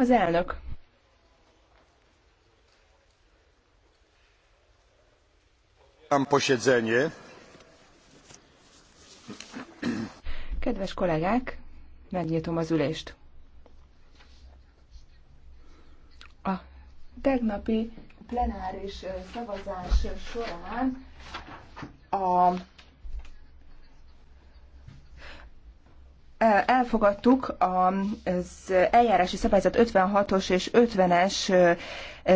Az elnök. Kedves kollégák, megnyitom az ülést. A tegnapi plenáris szavazás során a elfogadtuk az eljárási szabályzat 56-os és 50-es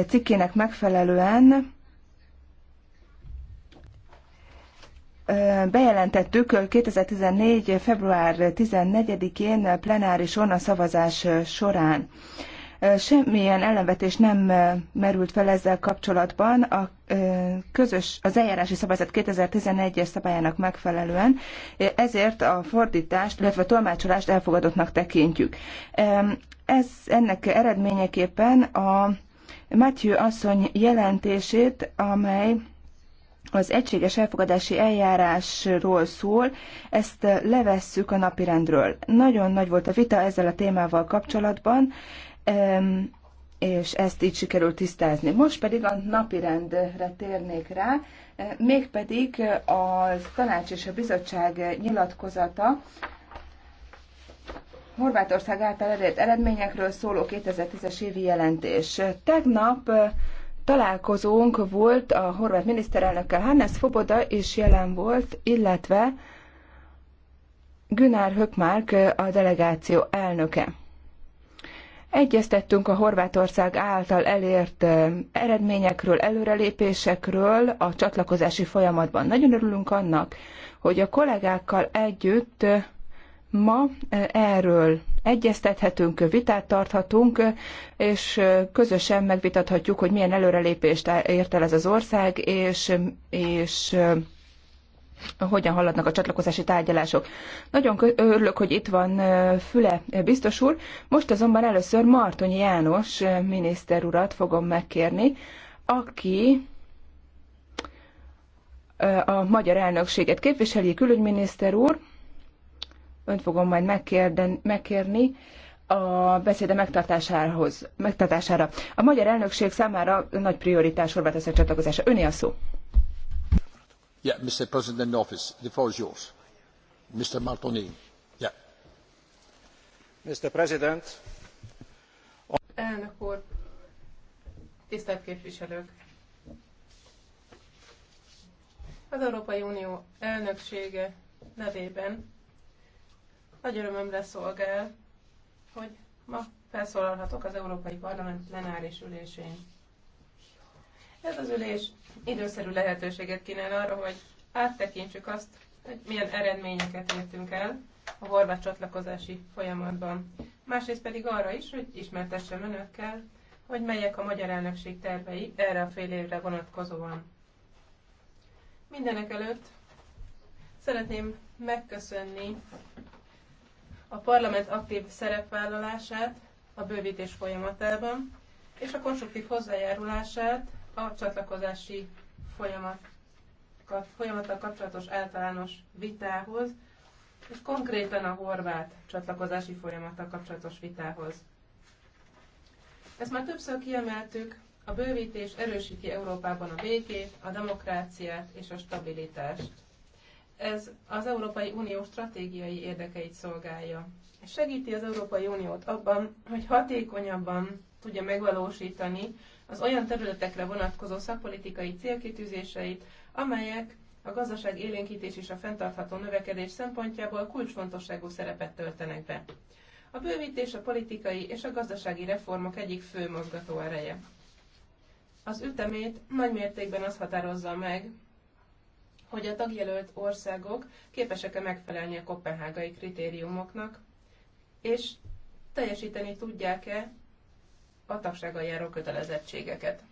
cikkének megfelelően bejelentettük 2014. február 14-én plenárison a szavazás során. Semmilyen ellenvetés nem merült fel ezzel kapcsolatban a közös, az eljárási szabályzat 2011-es szabályának megfelelően, ezért a fordítást, illetve a tolmácsolást elfogadottnak tekintjük. Ez ennek eredményeképpen a Matthew asszony jelentését, amely az egységes elfogadási eljárásról szól, ezt levesszük a napirendről. Nagyon nagy volt a vita ezzel a témával kapcsolatban, és ezt így sikerült tisztázni. Most pedig a rendre térnék rá, e, mégpedig a tanács és a bizottság nyilatkozata Horvátország által elért eredményekről szóló 2010-es évi jelentés. Tegnap e, találkozónk volt a horvát miniszterelnökkel, Hannes Foboda is jelen volt, illetve Günár Hökmárk e, a delegáció elnöke. Egyeztettünk a Horvátország által elért eredményekről, előrelépésekről a csatlakozási folyamatban. Nagyon örülünk annak, hogy a kollégákkal együtt ma erről egyeztethetünk, vitát tarthatunk, és közösen megvitathatjuk, hogy milyen előrelépést ért el ez az ország, és, és hogyan haladnak a csatlakozási tárgyalások. Nagyon örülök, hogy itt van Füle biztos úr. Most azonban először Martonyi János miniszter urat fogom megkérni, aki a magyar elnökséget képviseli, külügyminiszter úr. Önt fogom majd megkérni a beszéde megtartásához, megtartására. A magyar elnökség számára nagy prioritás a csatlakozása. Öné a szó. Mr. President in office, the floor is yours. Mr. Mr. President. Elnök úr, tisztelt képviselők! Az Európai Unió elnöksége nevében nagy örömömre szolgál, hogy ma felszólalhatok az Európai Parlament plenáris ülésén. Ez az ülés időszerű lehetőséget kínál arra, hogy áttekintsük azt, hogy milyen eredményeket értünk el a horvát csatlakozási folyamatban. Másrészt pedig arra is, hogy ismertessem önökkel, hogy melyek a magyar elnökség tervei erre a fél évre vonatkozóan. Mindenek előtt szeretném megköszönni a parlament aktív szerepvállalását a bővítés folyamatában, és a konstruktív hozzájárulását a csatlakozási folyamat, folyamattal kapcsolatos általános vitához, és konkrétan a horvát csatlakozási folyamattal kapcsolatos vitához. Ezt már többször kiemeltük, a bővítés erősíti Európában a békét, a demokráciát és a stabilitást. Ez az Európai Unió stratégiai érdekeit szolgálja. Segíti az Európai Uniót abban, hogy hatékonyabban tudja megvalósítani az olyan területekre vonatkozó szakpolitikai célkitűzéseit, amelyek a gazdaság élénkítés és a fenntartható növekedés szempontjából kulcsfontosságú szerepet töltenek be. A bővítés a politikai és a gazdasági reformok egyik fő mozgató ereje. Az ütemét nagy mértékben az határozza meg, hogy a tagjelölt országok képesek-e megfelelni a kopenhágai kritériumoknak, és teljesíteni tudják-e a tagsággal járó kötelezettségeket.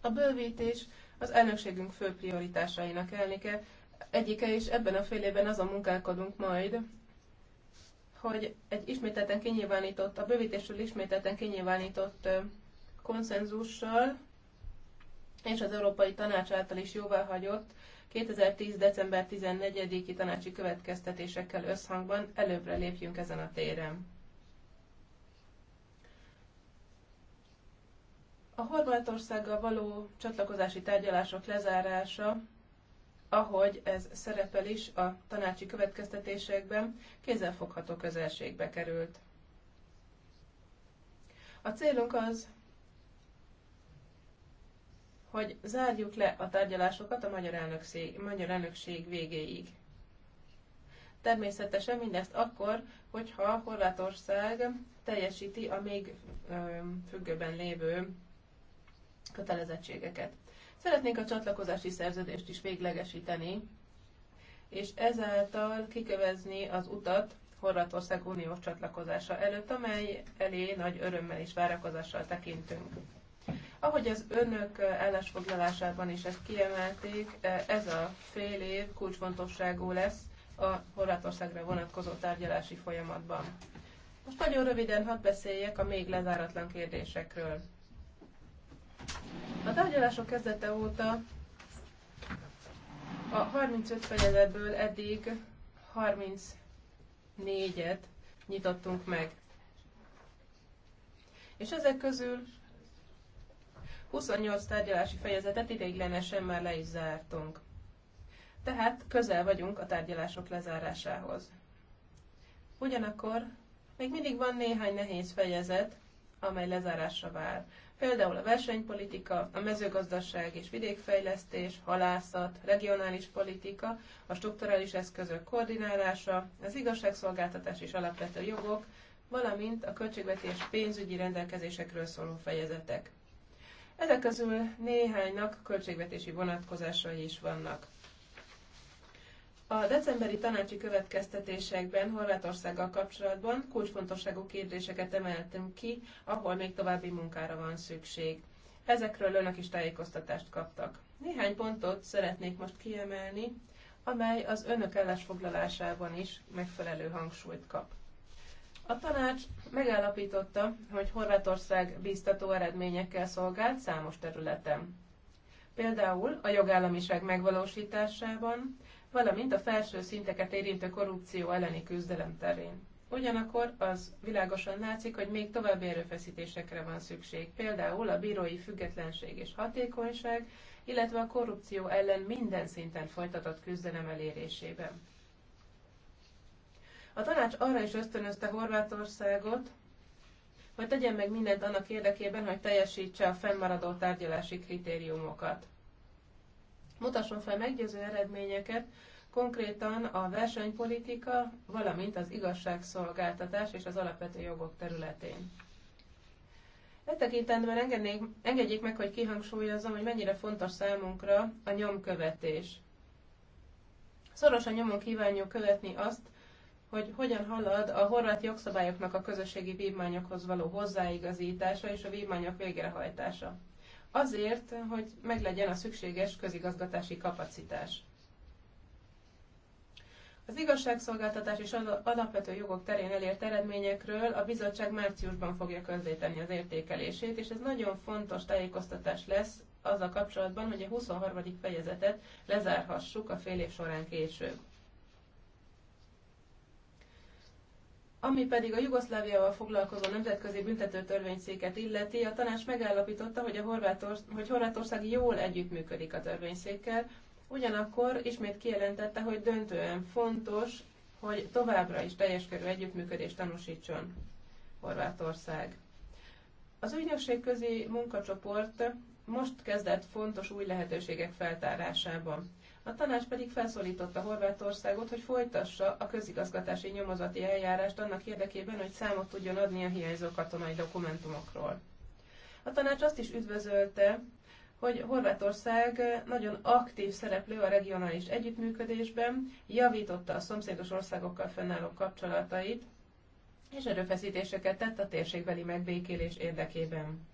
A bővítés az elnökségünk fő prioritásainak elnike, egyike, és ebben a fél évben azon munkálkodunk majd, hogy egy ismételten kinyilvánított, a bővítésről ismételten kinyilvánított konszenzussal és az Európai Tanács által is jóváhagyott 2010. december 14-i tanácsi következtetésekkel összhangban előbbre lépjünk ezen a téren. A Horvátországgal való csatlakozási tárgyalások lezárása, ahogy ez szerepel is a tanácsi következtetésekben, kézzelfogható közelségbe került. A célunk az, hogy zárjuk le a tárgyalásokat a magyar elnökség, magyar elnökség végéig. Természetesen mindezt akkor, hogyha Horvátország teljesíti a még ö, függőben lévő kötelezettségeket. Szeretnénk a csatlakozási szerződést is véglegesíteni, és ezáltal kikövezni az utat Horvátország uniós csatlakozása előtt, amely elé nagy örömmel és várakozással tekintünk. Ahogy az önök állásfoglalásában is ezt kiemelték, ez a fél év kulcsfontosságú lesz a Horvátországra vonatkozó tárgyalási folyamatban. Most nagyon röviden hadd beszéljek a még lezáratlan kérdésekről. A tárgyalások kezdete óta a 35 fejezetből eddig 34-et nyitottunk meg. És ezek közül 28 tárgyalási fejezetet ideiglenesen már le is zártunk. Tehát közel vagyunk a tárgyalások lezárásához. Ugyanakkor még mindig van néhány nehéz fejezet, amely lezárásra vár. Például a versenypolitika, a mezőgazdaság és vidékfejlesztés, halászat, regionális politika, a strukturális eszközök koordinálása, az igazságszolgáltatás és alapvető jogok, valamint a költségvetés pénzügyi rendelkezésekről szóló fejezetek. Ezek közül néhánynak költségvetési vonatkozásai is vannak. A decemberi tanácsi következtetésekben Horvátországgal kapcsolatban kulcsfontosságú kérdéseket emeltünk ki, ahol még további munkára van szükség. Ezekről önök is tájékoztatást kaptak. Néhány pontot szeretnék most kiemelni, amely az önök ellesfoglalásában is megfelelő hangsúlyt kap. A tanács megállapította, hogy Horvátország bíztató eredményekkel szolgált számos területen. Például a jogállamiság megvalósításában, valamint a felső szinteket érintő korrupció elleni küzdelem terén. Ugyanakkor az világosan látszik, hogy még további erőfeszítésekre van szükség, például a bírói függetlenség és hatékonyság, illetve a korrupció ellen minden szinten folytatott küzdelem elérésében. A tanács arra is ösztönözte Horvátországot, hogy tegyen meg mindent annak érdekében, hogy teljesítse a fennmaradó tárgyalási kritériumokat mutasson fel meggyőző eredményeket, konkrétan a versenypolitika, valamint az igazságszolgáltatás és az alapvető jogok területén. E tekintetben engednék, engedjék meg, hogy kihangsúlyozzam, hogy mennyire fontos számunkra a nyomkövetés. Szorosan nyomon kívánjuk követni azt, hogy hogyan halad a horvát jogszabályoknak a közösségi vívmányokhoz való hozzáigazítása és a vívmányok végrehajtása azért, hogy meglegyen a szükséges közigazgatási kapacitás. Az igazságszolgáltatás és alapvető jogok terén elért eredményekről a bizottság márciusban fogja közzétenni az értékelését, és ez nagyon fontos tájékoztatás lesz azzal kapcsolatban, hogy a 23. fejezetet lezárhassuk a fél év során később. Ami pedig a Jugoszláviával foglalkozó nemzetközi büntetőtörvényszéket illeti, a tanács megállapította, hogy, a Horvátor, hogy Horvátország jól együttműködik a törvényszékkel, ugyanakkor ismét kijelentette, hogy döntően fontos, hogy továbbra is teljes körű együttműködést tanúsítson Horvátország. Az ügynökségközi munkacsoport most kezdett fontos új lehetőségek feltárásában. A tanács pedig felszólította Horvátországot, hogy folytassa a közigazgatási nyomozati eljárást annak érdekében, hogy számot tudjon adni a hiányzó katonai dokumentumokról. A tanács azt is üdvözölte, hogy Horvátország nagyon aktív szereplő a regionális együttműködésben, javította a szomszédos országokkal fennálló kapcsolatait, és erőfeszítéseket tett a térségbeli megbékélés érdekében.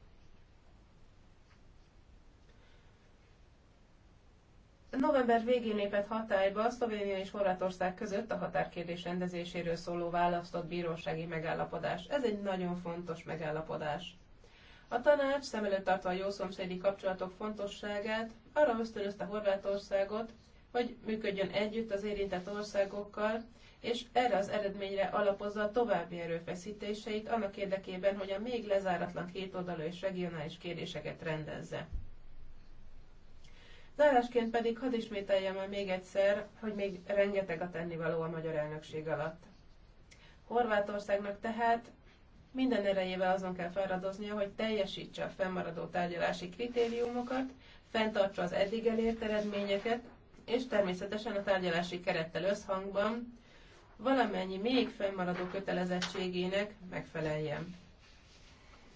November végén lépett hatályba Szlovénia és Horvátország között a határkérdés rendezéséről szóló választott bírósági megállapodás. Ez egy nagyon fontos megállapodás. A tanács, szem előtt tartva a jószomszédi kapcsolatok fontosságát, arra ösztönözte Horvátországot, hogy működjön együtt az érintett országokkal, és erre az eredményre alapozza a további erőfeszítéseit annak érdekében, hogy a még lezáratlan kétoldalú és regionális kérdéseket rendezze. Zárásként pedig hadd ismételjem el még egyszer, hogy még rengeteg a tennivaló a magyar elnökség alatt. Horvátországnak tehát minden erejével azon kell feladoznia, hogy teljesítse a fennmaradó tárgyalási kritériumokat, fenntartsa az eddig elért eredményeket, és természetesen a tárgyalási kerettel összhangban valamennyi még fennmaradó kötelezettségének megfeleljen.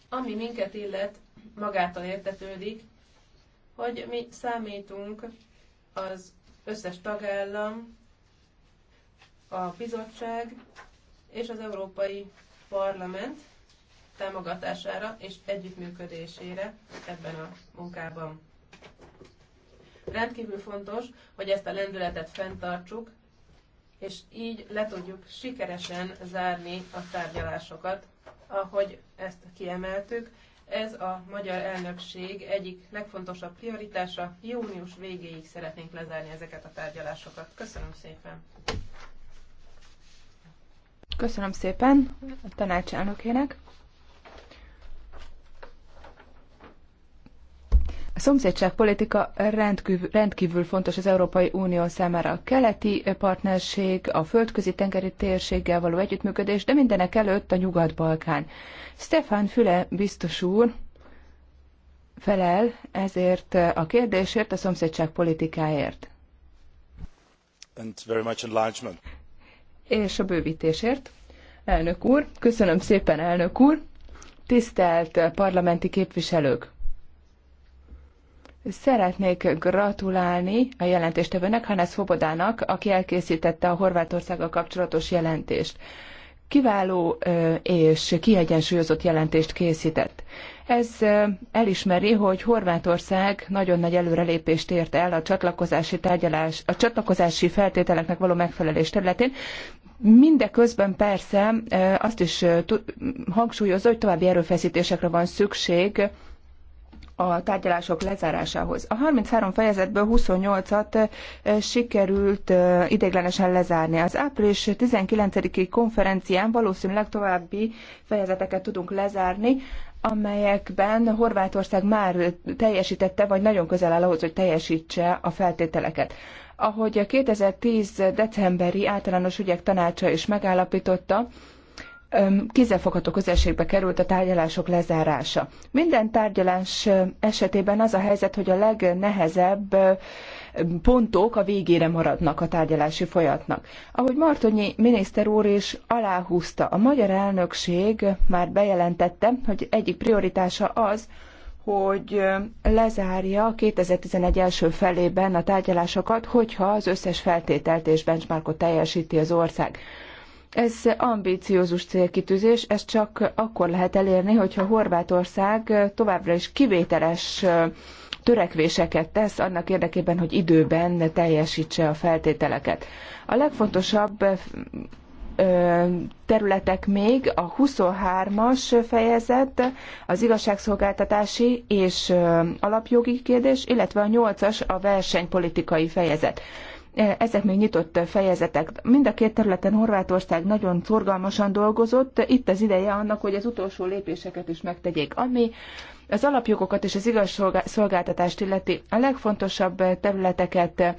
Ami minket illet, magától értetődik, hogy mi számítunk az összes tagállam, a bizottság és az Európai Parlament támogatására és együttműködésére ebben a munkában. Rendkívül fontos, hogy ezt a lendületet fenntartsuk, és így le tudjuk sikeresen zárni a tárgyalásokat, ahogy ezt kiemeltük, ez a magyar elnökség egyik legfontosabb prioritása. Június végéig szeretnénk lezárni ezeket a tárgyalásokat. Köszönöm szépen! Köszönöm szépen a tanácselnökének. A szomszédságpolitika rendkívül, rendkívül fontos az Európai Unió számára. A keleti partnerség, a földközi tengeri térséggel való együttműködés, de mindenek előtt a Nyugat-Balkán. Stefan Füle biztos úr felel ezért a kérdésért, a szomszédságpolitikáért. And very much enlargement. És a bővítésért. Elnök úr, köszönöm szépen, elnök úr. Tisztelt parlamenti képviselők! Szeretnék gratulálni a jelentéstevőnek, Hannes Fobodának, aki elkészítette a Horvátországgal kapcsolatos jelentést. Kiváló és kiegyensúlyozott jelentést készített. Ez elismeri, hogy Horvátország nagyon nagy előrelépést ért el a csatlakozási tárgyalás, a csatlakozási feltételeknek való megfelelés területén, Mindeközben persze azt is hangsúlyozza, hogy további erőfeszítésekre van szükség a tárgyalások lezárásához. A 33 fejezetből 28-at sikerült ideiglenesen lezárni. Az április 19-i konferencián valószínűleg további fejezeteket tudunk lezárni, amelyekben Horvátország már teljesítette, vagy nagyon közel áll ahhoz, hogy teljesítse a feltételeket. Ahogy a 2010. decemberi általános ügyek tanácsa is megállapította, kézzelfogható közelségbe került a tárgyalások lezárása. Minden tárgyalás esetében az a helyzet, hogy a legnehezebb pontok a végére maradnak a tárgyalási folyatnak. Ahogy Martonyi miniszter úr is aláhúzta, a magyar elnökség már bejelentette, hogy egyik prioritása az, hogy lezárja 2011 első felében a tárgyalásokat, hogyha az összes feltételt és benchmarkot teljesíti az ország. Ez ambíciózus célkitűzés, ez csak akkor lehet elérni, hogyha Horvátország továbbra is kivételes törekvéseket tesz annak érdekében, hogy időben teljesítse a feltételeket. A legfontosabb területek még a 23-as fejezet, az igazságszolgáltatási és alapjogi kérdés, illetve a 8-as a versenypolitikai fejezet ezek még nyitott fejezetek. Mind a két területen Horvátország nagyon szorgalmasan dolgozott, itt az ideje annak, hogy az utolsó lépéseket is megtegyék. Ami az alapjogokat és az igazságszolgáltatást illeti a legfontosabb területeket eh,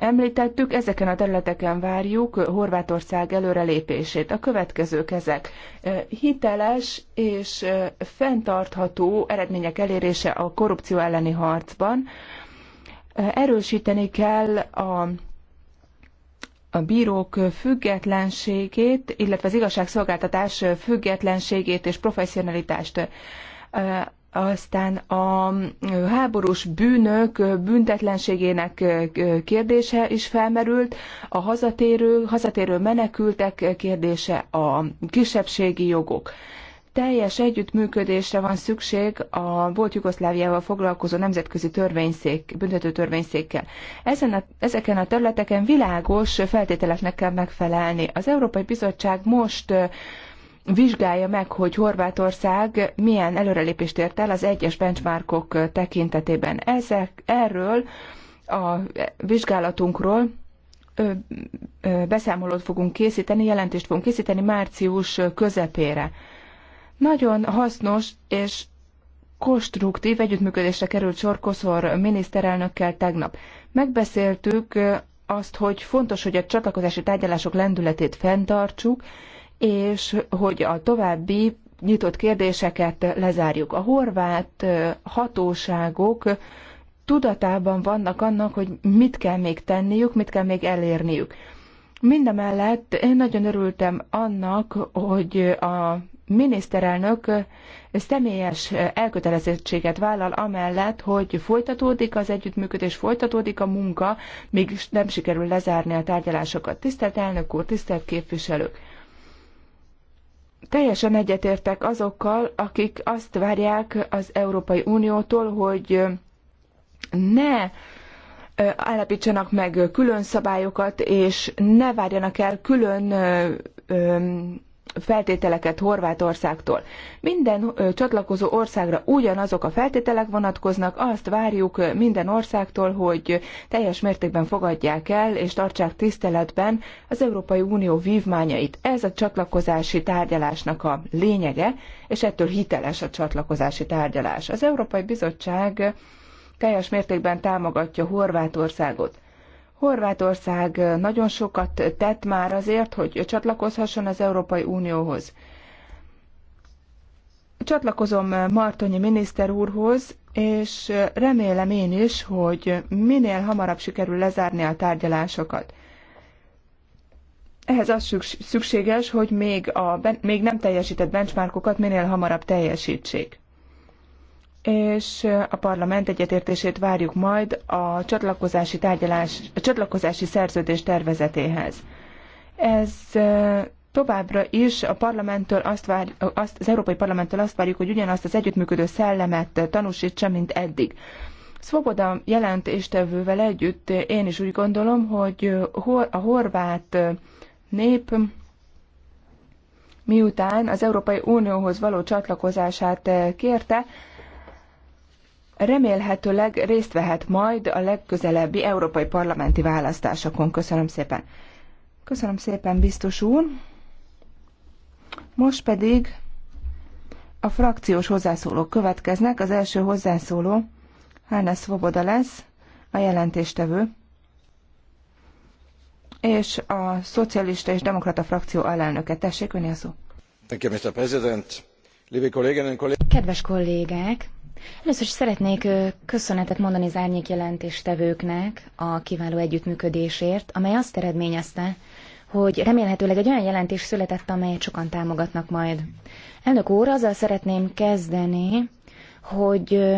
említettük, ezeken a területeken várjuk Horvátország előrelépését. A következők ezek. Eh, hiteles és eh, fenntartható eredmények elérése a korrupció elleni harcban, Erősíteni kell a a bírók függetlenségét, illetve az igazságszolgáltatás függetlenségét és professzionalitást. Aztán a háborús bűnök büntetlenségének kérdése is felmerült, a hazatérő, hazatérő menekültek kérdése, a kisebbségi jogok. Teljes együttműködésre van szükség a volt Jugoszláviával foglalkozó nemzetközi törvényszék, büntető törvényszékkel. Ezen a, ezeken a területeken világos feltételeknek kell megfelelni. Az Európai Bizottság most vizsgálja meg, hogy Horvátország milyen előrelépést ért el az egyes benchmarkok tekintetében. Ezek, erről a vizsgálatunkról beszámolót fogunk készíteni, jelentést fogunk készíteni március közepére. Nagyon hasznos és konstruktív együttműködésre került sor Koszor miniszterelnökkel tegnap. Megbeszéltük azt, hogy fontos, hogy a csatlakozási tárgyalások lendületét fenntartsuk, és hogy a további nyitott kérdéseket lezárjuk. A horvát hatóságok tudatában vannak annak, hogy mit kell még tenniük, mit kell még elérniük. Mindemellett én nagyon örültem annak, hogy a miniszterelnök személyes elkötelezettséget vállal amellett, hogy folytatódik az együttműködés, folytatódik a munka, még nem sikerül lezárni a tárgyalásokat. Tisztelt elnök úr, tisztelt képviselők! Teljesen egyetértek azokkal, akik azt várják az Európai Uniótól, hogy ne állapítsanak meg külön szabályokat, és ne várjanak el külön feltételeket Horvátországtól. Minden csatlakozó országra ugyanazok a feltételek vonatkoznak, azt várjuk minden országtól, hogy teljes mértékben fogadják el és tartsák tiszteletben az Európai Unió vívmányait. Ez a csatlakozási tárgyalásnak a lényege, és ettől hiteles a csatlakozási tárgyalás. Az Európai Bizottság teljes mértékben támogatja Horvátországot. Horvátország nagyon sokat tett már azért, hogy csatlakozhasson az Európai Unióhoz. Csatlakozom Martonyi miniszter úrhoz, és remélem én is, hogy minél hamarabb sikerül lezárni a tárgyalásokat. Ehhez az szükséges, hogy még, a, még nem teljesített benchmarkokat minél hamarabb teljesítsék és a parlament egyetértését várjuk majd a csatlakozási, tárgyalás, a csatlakozási szerződés tervezetéhez. Ez továbbra is a parlamenttől azt vár, azt, az Európai Parlamenttől azt várjuk, hogy ugyanazt az együttműködő szellemet tanúsítsa, mint eddig. Svoboda jelentéstevővel együtt én is úgy gondolom, hogy a horvát nép miután az Európai Unióhoz való csatlakozását kérte, remélhetőleg részt vehet majd a legközelebbi európai parlamenti választásokon. Köszönöm szépen. Köszönöm szépen, biztos úr. Most pedig a frakciós hozzászólók következnek. Az első hozzászóló Hána Svoboda lesz, a jelentéstevő, és a szocialista és demokrata frakció alelnöke. Tessék, a szó. Thank you, Mr. President. Kedves kollégák, Először is szeretnék köszönetet mondani az árnyék jelentéstevőknek a kiváló együttműködésért, amely azt eredményezte, hogy remélhetőleg egy olyan jelentés született, amelyet sokan támogatnak majd. Elnök úr, azzal szeretném kezdeni, hogy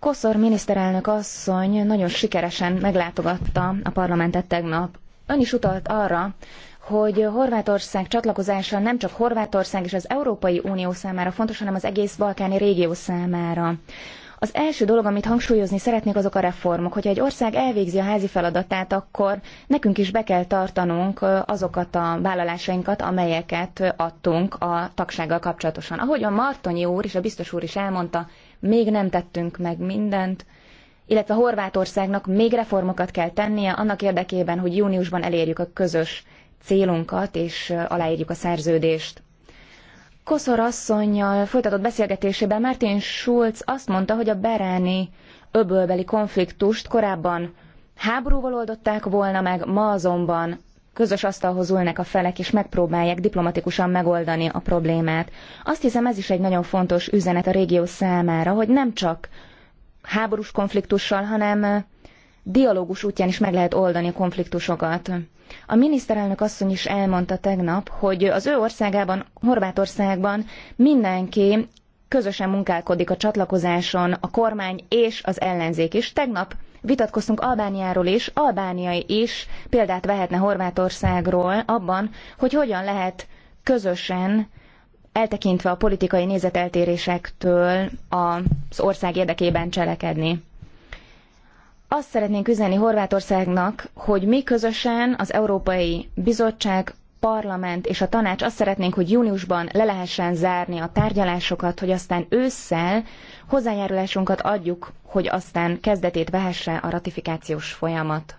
Koszor miniszterelnök asszony nagyon sikeresen meglátogatta a parlamentet tegnap. Ön is utalt arra, hogy Horvátország csatlakozása nem csak Horvátország és az Európai Unió számára fontos, hanem az egész balkáni régió számára. Az első dolog, amit hangsúlyozni szeretnék, azok a reformok. Hogyha egy ország elvégzi a házi feladatát, akkor nekünk is be kell tartanunk azokat a vállalásainkat, amelyeket adtunk a tagsággal kapcsolatosan. Ahogy a Martonyi úr és a biztos úr is elmondta, még nem tettünk meg mindent, illetve Horvátországnak még reformokat kell tennie annak érdekében, hogy júniusban elérjük a közös célunkat, és aláírjuk a szerződést. Koszor asszonynal folytatott beszélgetésében Martin Schulz azt mondta, hogy a beráni öbölbeli konfliktust korábban háborúval oldották volna meg, ma azonban közös asztalhoz ülnek a felek, és megpróbálják diplomatikusan megoldani a problémát. Azt hiszem ez is egy nagyon fontos üzenet a régió számára, hogy nem csak háborús konfliktussal, hanem dialógus útján is meg lehet oldani a konfliktusokat. A miniszterelnök asszony is elmondta tegnap, hogy az ő országában, Horvátországban mindenki közösen munkálkodik a csatlakozáson, a kormány és az ellenzék is. Tegnap vitatkoztunk Albániáról is, Albániai is példát vehetne Horvátországról abban, hogy hogyan lehet közösen eltekintve a politikai nézeteltérésektől az ország érdekében cselekedni. Azt szeretnénk üzenni Horvátországnak, hogy mi közösen az Európai Bizottság, Parlament és a Tanács azt szeretnénk, hogy júniusban le lehessen zárni a tárgyalásokat, hogy aztán ősszel hozzájárulásunkat adjuk, hogy aztán kezdetét vehesse a ratifikációs folyamat.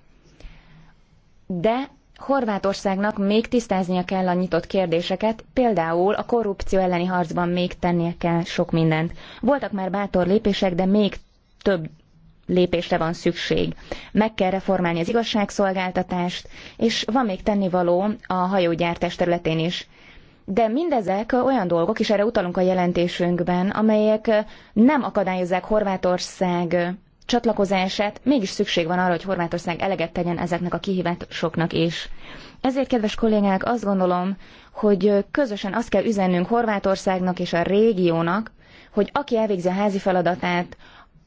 De Horvátországnak még tisztáznia kell a nyitott kérdéseket, például a korrupció elleni harcban még tennie kell sok mindent. Voltak már bátor lépések, de még több lépésre van szükség. Meg kell reformálni az igazságszolgáltatást, és van még tennivaló a hajógyártás területén is. De mindezek olyan dolgok, és erre utalunk a jelentésünkben, amelyek nem akadályozzák Horvátország csatlakozását, mégis szükség van arra, hogy Horvátország eleget tegyen ezeknek a kihívásoknak is. Ezért, kedves kollégák, azt gondolom, hogy közösen azt kell üzennünk Horvátországnak és a régiónak, hogy aki elvégzi a házi feladatát,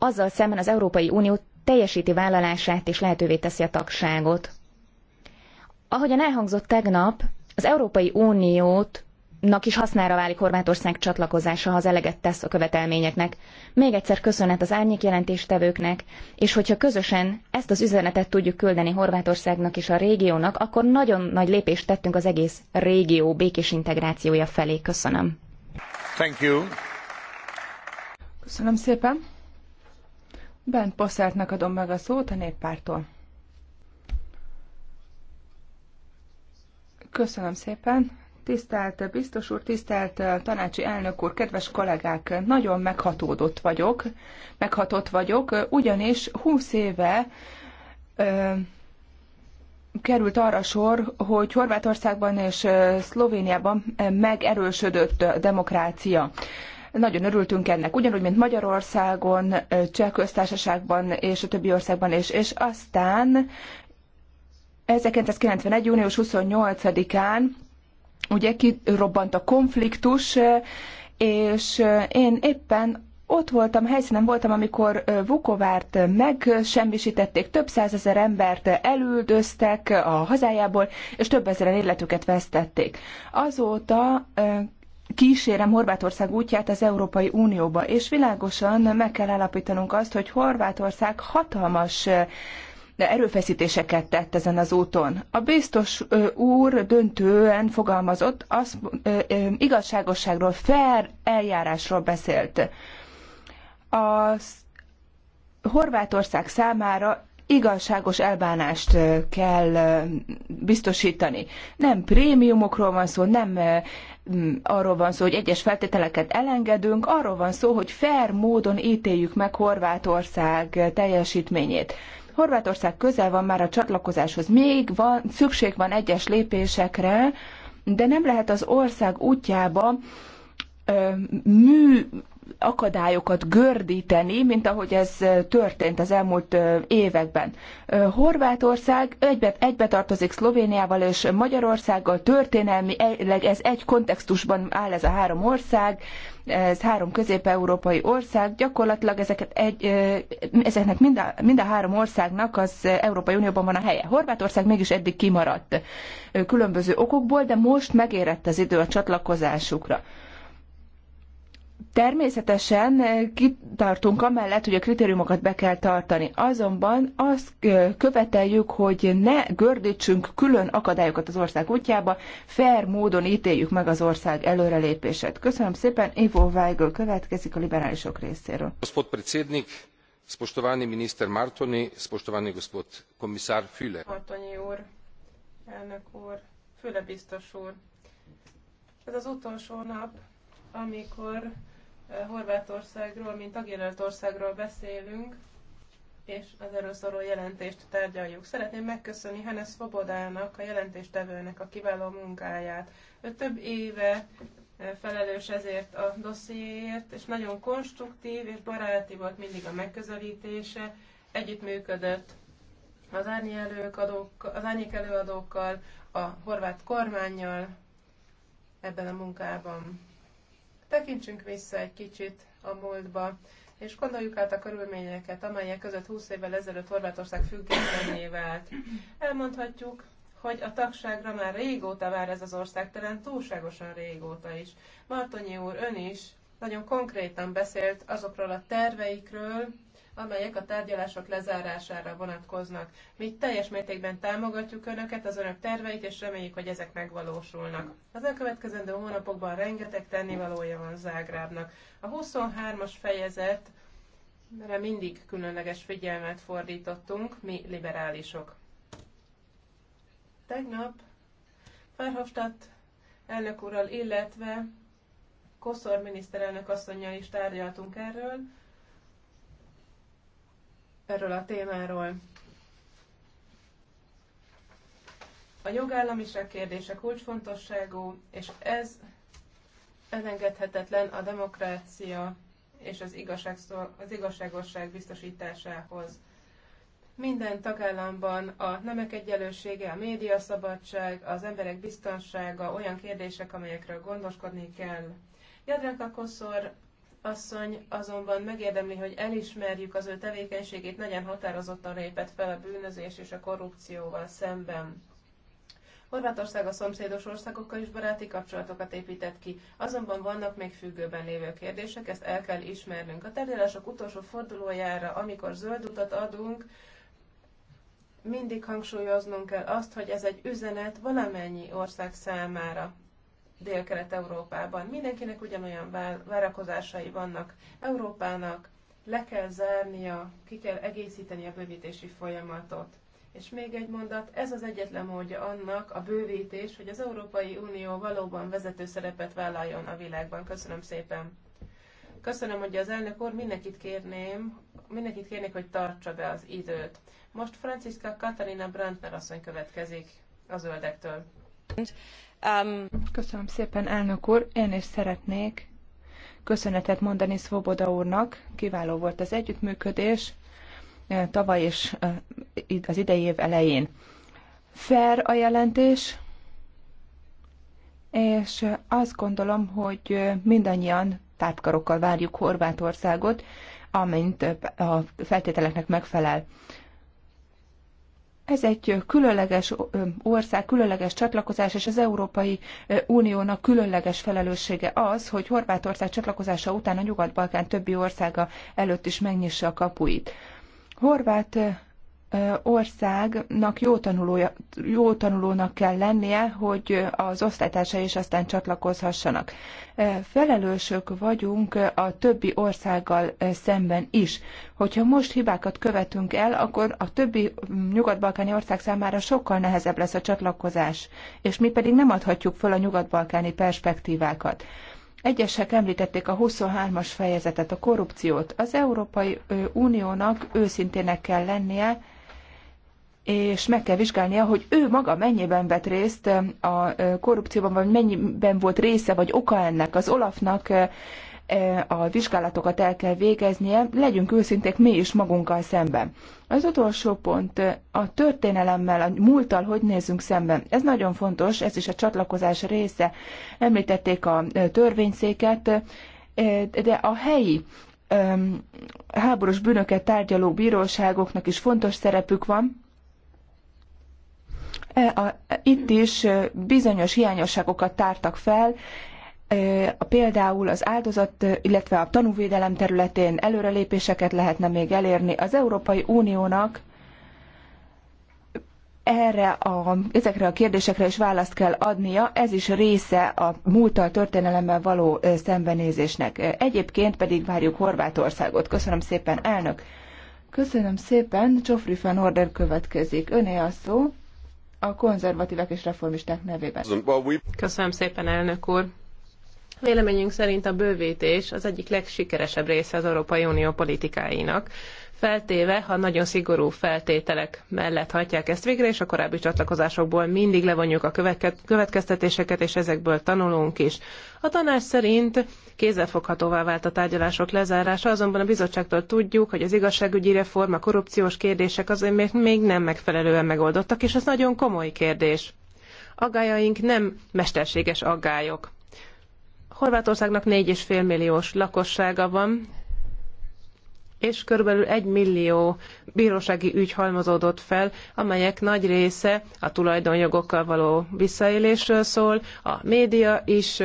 azzal szemben az Európai Unió teljesíti vállalását és lehetővé teszi a tagságot. Ahogyan elhangzott tegnap, az Európai Uniót nak is hasznára válik Horvátország csatlakozása, ha az eleget tesz a követelményeknek. Még egyszer köszönet az árnyék jelentéstevőknek, és hogyha közösen ezt az üzenetet tudjuk küldeni Horvátországnak és a régiónak, akkor nagyon nagy lépést tettünk az egész régió békés integrációja felé. Köszönöm. Thank you. Köszönöm szépen. Ben Poszártnak adom meg a szót a néppártól. Köszönöm szépen. Tisztelt biztos úr, tisztelt eh, tanácsi elnök úr, kedves kollégák, nagyon meghatódott vagyok, meghatott vagyok, ugyanis húsz éve ö, eh, került arra sor, hogy Horvátországban és eh, Szlovéniában megerősödött demokrácia. Nagyon örültünk ennek, ugyanúgy, mint Magyarországon, Cseh köztársaságban és a többi országban is, és aztán 1991. június 28-án ugye kirobbant a konfliktus, és én éppen ott voltam, helyszínen voltam, amikor Vukovárt megsemmisítették, több százezer embert elüldöztek a hazájából, és több ezeren életüket vesztették. Azóta kísérem Horvátország útját az Európai Unióba, és világosan meg kell állapítanunk azt, hogy Horvátország hatalmas erőfeszítéseket tett ezen az úton. A biztos úr döntően fogalmazott, az igazságosságról, fair eljárásról beszélt. A Horvátország számára igazságos elbánást kell biztosítani. Nem prémiumokról van szó, nem arról van szó, hogy egyes feltételeket elengedünk, arról van szó, hogy fair módon ítéljük meg Horvátország teljesítményét. Horvátország közel van már a csatlakozáshoz, még van, szükség van egyes lépésekre, de nem lehet az ország útjába mű akadályokat gördíteni, mint ahogy ez történt az elmúlt években. Horvátország egybe, egybe tartozik Szlovéniával és Magyarországgal, történelmileg ez egy kontextusban áll ez a három ország, ez három közép-európai ország, gyakorlatilag ezeket egy, ezeknek mind a, mind a három országnak az Európai Unióban van a helye. Horvátország mégis eddig kimaradt különböző okokból, de most megérett az idő a csatlakozásukra. Természetesen eh, kitartunk amellett, hogy a kritériumokat be kell tartani. Azonban azt eh, követeljük, hogy ne gördítsünk külön akadályokat az ország útjába, fair módon ítéljük meg az ország előrelépését. Köszönöm szépen, Ivo Weigl következik a liberálisok részéről. Gospod predsednik, spoštovani miniszter Martoni, spoštovani gospod komisár Füle. Martoni úr, elnök úr, Füle biztos úr. Ez az utolsó nap, amikor Horvátországról, mint tagjelölt országról beszélünk, és az erről szóló jelentést tárgyaljuk. Szeretném megköszönni Hannes Svobodának, a jelentéstevőnek a kiváló munkáját. Ő több éve eh, felelős ezért a dossziéért, és nagyon konstruktív és baráti volt mindig a megközelítése, együttműködött az árnyék előadókkal, a horvát kormányjal ebben a munkában. Tekintsünk vissza egy kicsit a múltba, és gondoljuk át a körülményeket, amelyek között 20 évvel ezelőtt Horvátország függetlenné vált. Elmondhatjuk, hogy a tagságra már régóta vár ez az ország, talán túlságosan régóta is. Martonyi úr, ön is nagyon konkrétan beszélt azokról a terveikről, amelyek a tárgyalások lezárására vonatkoznak. Mi teljes mértékben támogatjuk Önöket, az Önök terveit, és reméljük, hogy ezek megvalósulnak. Az elkövetkezendő hónapokban rengeteg tennivalója van Zágrábnak. A 23-as fejezet mindig különleges figyelmet fordítottunk, mi liberálisok. Tegnap Verhofstadt elnök úrral, illetve Koszor miniszterelnök asszonyjal is tárgyaltunk erről, erről a témáról. A jogállamiság kérdése kulcsfontosságú, és ez elengedhetetlen a demokrácia és az, igazság, az igazságosság biztosításához. Minden tagállamban a nemek egyenlősége, a médiaszabadság, az emberek biztonsága olyan kérdések, amelyekről gondoskodni kell. Jadranka Koszor asszony azonban megérdemli, hogy elismerjük az ő tevékenységét, nagyon határozottan lépett fel a bűnözés és a korrupcióval szemben. Horvátország a szomszédos országokkal is baráti kapcsolatokat épített ki, azonban vannak még függőben lévő kérdések, ezt el kell ismernünk. A tárgyalások utolsó fordulójára, amikor zöld utat adunk, mindig hangsúlyoznunk kell azt, hogy ez egy üzenet valamennyi ország számára. Dél-Kelet-Európában. Mindenkinek ugyanolyan várakozásai vannak Európának, le kell zárnia, ki kell egészíteni a bővítési folyamatot. És még egy mondat, ez az egyetlen módja annak a bővítés, hogy az Európai Unió valóban vezető szerepet vállaljon a világban. Köszönöm szépen. Köszönöm, hogy az elnök úr, mindenkit kérném, mindenkit kérnék, hogy tartsa be az időt. Most Franciszka Katarina Brandner asszony következik a zöldektől. Um, Köszönöm szépen, elnök úr. Én is szeretnék köszönetet mondani Svoboda úrnak. Kiváló volt az együttműködés eh, tavaly és eh, az idei év elején. Fair a jelentés, és azt gondolom, hogy mindannyian tártkarokkal várjuk Horvátországot, amint a feltételeknek megfelel. Ez egy különleges ország, különleges csatlakozás, és az Európai Uniónak különleges felelőssége az, hogy Horvátország csatlakozása után a Nyugat-Balkán többi országa előtt is megnyissa a kapuit. Horvát országnak jó, tanulója, jó tanulónak kell lennie, hogy az osztálytársai is aztán csatlakozhassanak. Felelősök vagyunk a többi országgal szemben is. Hogyha most hibákat követünk el, akkor a többi nyugat-balkáni ország számára sokkal nehezebb lesz a csatlakozás, és mi pedig nem adhatjuk föl a nyugat-balkáni perspektívákat. Egyesek említették a 23-as fejezetet, a korrupciót. Az Európai Uniónak őszintének kell lennie, és meg kell vizsgálnia, hogy ő maga mennyiben vett részt a korrupcióban, vagy mennyiben volt része, vagy oka ennek az Olafnak, a vizsgálatokat el kell végeznie, legyünk őszinték mi is magunkkal szemben. Az utolsó pont a történelemmel, a múlttal hogy nézzünk szemben. Ez nagyon fontos, ez is a csatlakozás része. Említették a törvényszéket, de a helyi háborús bűnöket tárgyaló bíróságoknak is fontos szerepük van, E, itt is bizonyos hiányosságokat tártak fel, például az áldozat, illetve a tanúvédelem területén előrelépéseket lehetne még elérni. Az Európai Uniónak erre a, ezekre a kérdésekre is választ kell adnia, ez is része a múltal történelemmel való szembenézésnek. Egyébként pedig várjuk Horvátországot. Köszönöm szépen, elnök! Köszönöm szépen, Csofri van Order következik. Öné a szó a konzervatívek és reformisták nevében. Köszönöm szépen, elnök úr! Véleményünk szerint a bővítés az egyik legsikeresebb része az Európai Unió politikáinak feltéve, ha nagyon szigorú feltételek mellett hagyják ezt végre, és a korábbi csatlakozásokból mindig levonjuk a következtetéseket, és ezekből tanulunk is. A tanács szerint kézzelfoghatóvá vált a tárgyalások lezárása, azonban a bizottságtól tudjuk, hogy az igazságügyi reforma korrupciós kérdések azért még nem megfelelően megoldottak, és ez nagyon komoly kérdés. Agályaink nem mesterséges aggályok. Horvátországnak 4,5 milliós lakossága van, és körülbelül egy millió bírósági ügy halmozódott fel, amelyek nagy része a tulajdonjogokkal való visszaélésről szól, a média is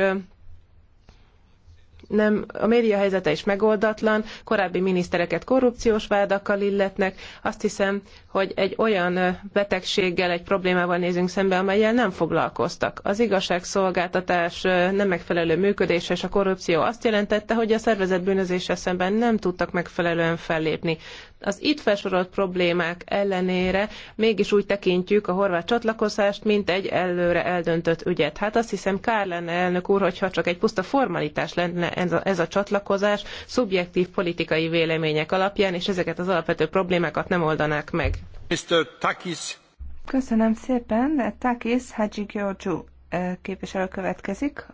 nem, a média helyzete is megoldatlan, korábbi minisztereket korrupciós vádakkal illetnek. Azt hiszem, hogy egy olyan betegséggel, egy problémával nézünk szembe, amelyel nem foglalkoztak. Az igazságszolgáltatás nem megfelelő működése és a korrupció azt jelentette, hogy a szervezet bűnözéssel szemben nem tudtak megfelelően fellépni. Az itt felsorolt problémák ellenére mégis úgy tekintjük a horvát csatlakozást, mint egy előre eldöntött ügyet. Hát azt hiszem kár lenne, elnök úr, hogyha csak egy puszta formalitás lenne ez a, ez a csatlakozás szubjektív politikai vélemények alapján, és ezeket az alapvető problémákat nem oldanák meg. Mr. Takis. Köszönöm szépen, Takis Hadzsi Georgiou eh, képviselő következik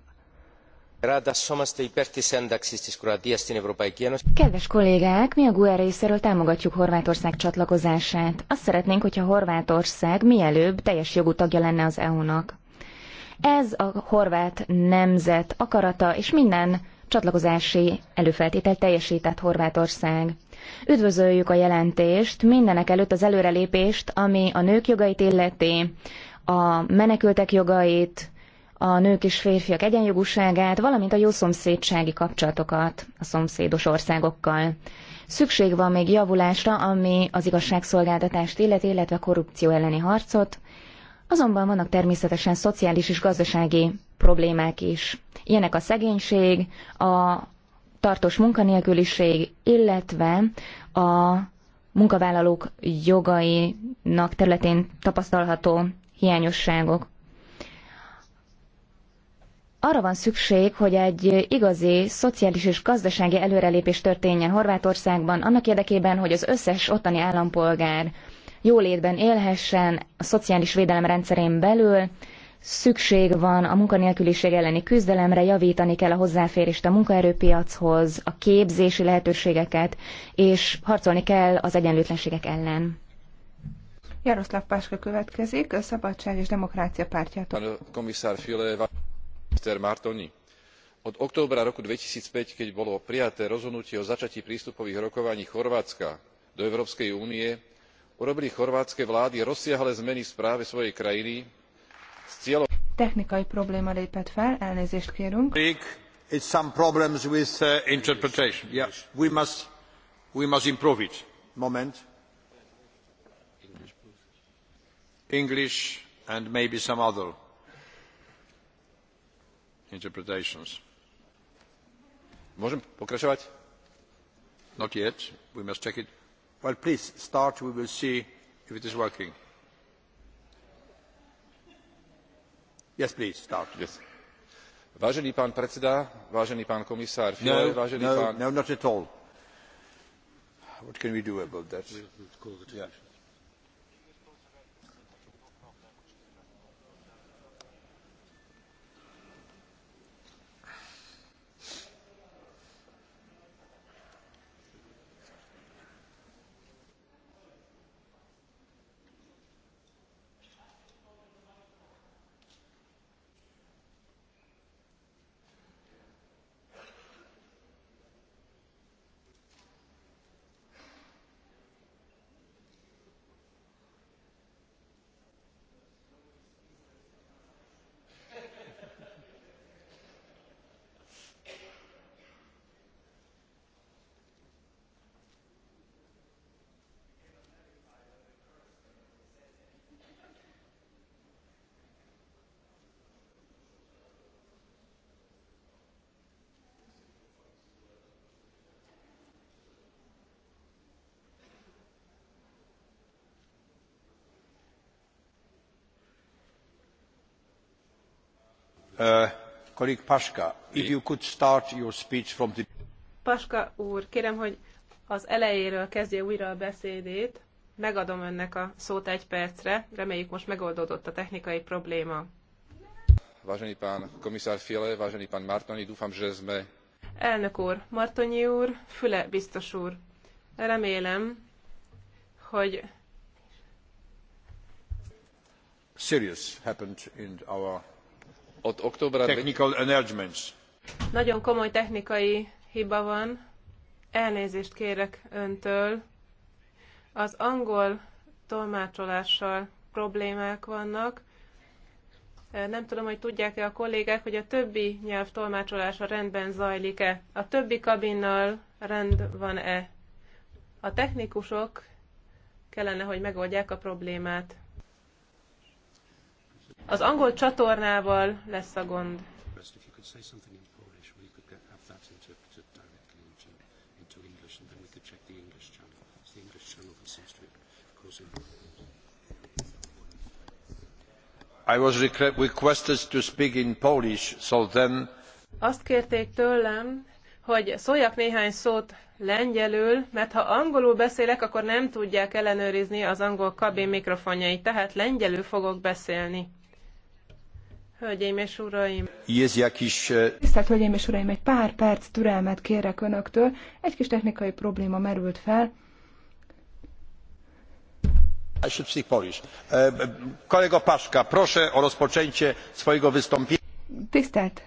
Kedves kollégák, mi a GUE részéről támogatjuk Horvátország csatlakozását. Azt szeretnénk, hogyha Horvátország mielőbb teljes jogú tagja lenne az EU-nak. Ez a horvát nemzet akarata és minden csatlakozási előfeltételt teljesített Horvátország. Üdvözöljük a jelentést, mindenek előtt az előrelépést, ami a nők jogait illeti, a menekültek jogait, a nők és férfiak egyenjogúságát, valamint a jó szomszédsági kapcsolatokat a szomszédos országokkal. Szükség van még javulásra, ami az igazságszolgáltatást illeti, illetve a korrupció elleni harcot, azonban vannak természetesen szociális és gazdasági problémák is. Ilyenek a szegénység, a tartós munkanélküliség, illetve a munkavállalók jogainak területén tapasztalható hiányosságok arra van szükség, hogy egy igazi szociális és gazdasági előrelépés történjen Horvátországban, annak érdekében, hogy az összes ottani állampolgár jólétben élhessen a szociális védelem rendszerén belül, szükség van a munkanélküliség elleni küzdelemre, javítani kell a hozzáférést a munkaerőpiachoz, a képzési lehetőségeket, és harcolni kell az egyenlőtlenségek ellen. Jaroszláv Páska következik, a Szabadság és Demokrácia pártjától od októbra roku two thousand and five keď bolo prijaté rozhodnutie o začatí prístupových rokovaní chorvátska do európskej únie urobili chorvátske vlády rozsiahle zmeny v správe svojej krajiny s cieľom. technikai probléma lépett fel elnézést kérünk interpretations. Możemy pokraczować? Not yet. We must check it. Well, please start. We will see if it is working. Yes, please start. Yes. Vážený pán predseda, vážený pán komisár Fiole, no, vážený no, pán... No, not at all. What can we do about that? Yeah. Uh, colleague Paska, if you could úr, kérem, hogy az elejéről kezdje újra a beszédét. Megadom önnek a szót egy percre. Reméljük most megoldódott a technikai probléma. Vážený pán komisár Fiele, vážený pán Martoni, dúfam, že sme... Elnök úr, Martonyi úr, Füle biztos úr. Remélem, hogy serious happened in our od októbra... Technical Nagyon komoly technikai hiba van. Elnézést kérek öntől. Az angol tolmácsolással problémák vannak. Nem tudom, hogy tudják-e a kollégák, hogy a többi nyelv tolmácsolása rendben zajlik-e. A többi kabinnal rend van-e. A technikusok kellene, hogy megoldják a problémát. Az angol csatornával lesz a gond. I was requested to speak in Polish, so then... Azt kérték tőlem, hogy szóljak néhány szót lengyelül, mert ha angolul beszélek, akkor nem tudják ellenőrizni az angol kabin mikrofonjait, tehát lengyelül fogok beszélni. Hölgyeim és uraim! Jest eh, Tisztelt Hölgyeim és uraim, egy pár perc türelmet kérek önöktől. Egy kis technikai probléma merült fel. Eh, kolego Paszka, proszę o rozpoczęcie swojego wystąpienia. Tisztelt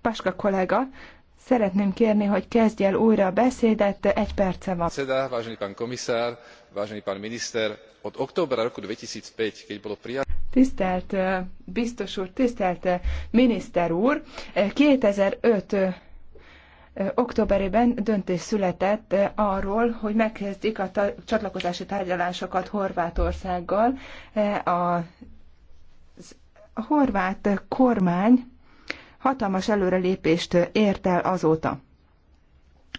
Paszka kollega, szeretném kérni, hogy kezdj el újra a beszédet, egy perce van. Vážený pán komisár, vážený pán minister, od októbra roku 2005, keď bolo prijaté... Tisztelt biztos úr, tisztelt miniszter úr, 2005 októberében döntés született arról, hogy megkezdik a csatlakozási tárgyalásokat Horvátországgal. A a horvát kormány hatalmas előrelépést ért el azóta.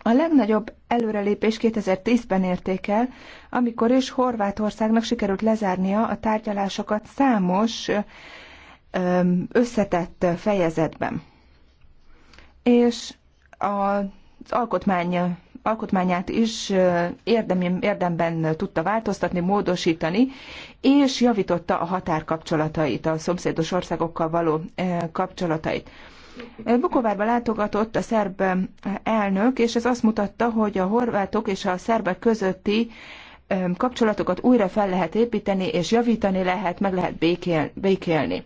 A legnagyobb előrelépés 2010-ben érték el, amikor is Horvátországnak sikerült lezárnia a tárgyalásokat számos összetett fejezetben. És az alkotmány, alkotmányát is érdemben tudta változtatni, módosítani, és javította a határkapcsolatait, a szomszédos országokkal való kapcsolatait. Bukovárba látogatott a szerb eh, elnök, és ez azt mutatta, hogy a horvátok és a szerbek közötti eh, kapcsolatokat újra fel lehet építeni, és javítani lehet, meg lehet békél, békélni.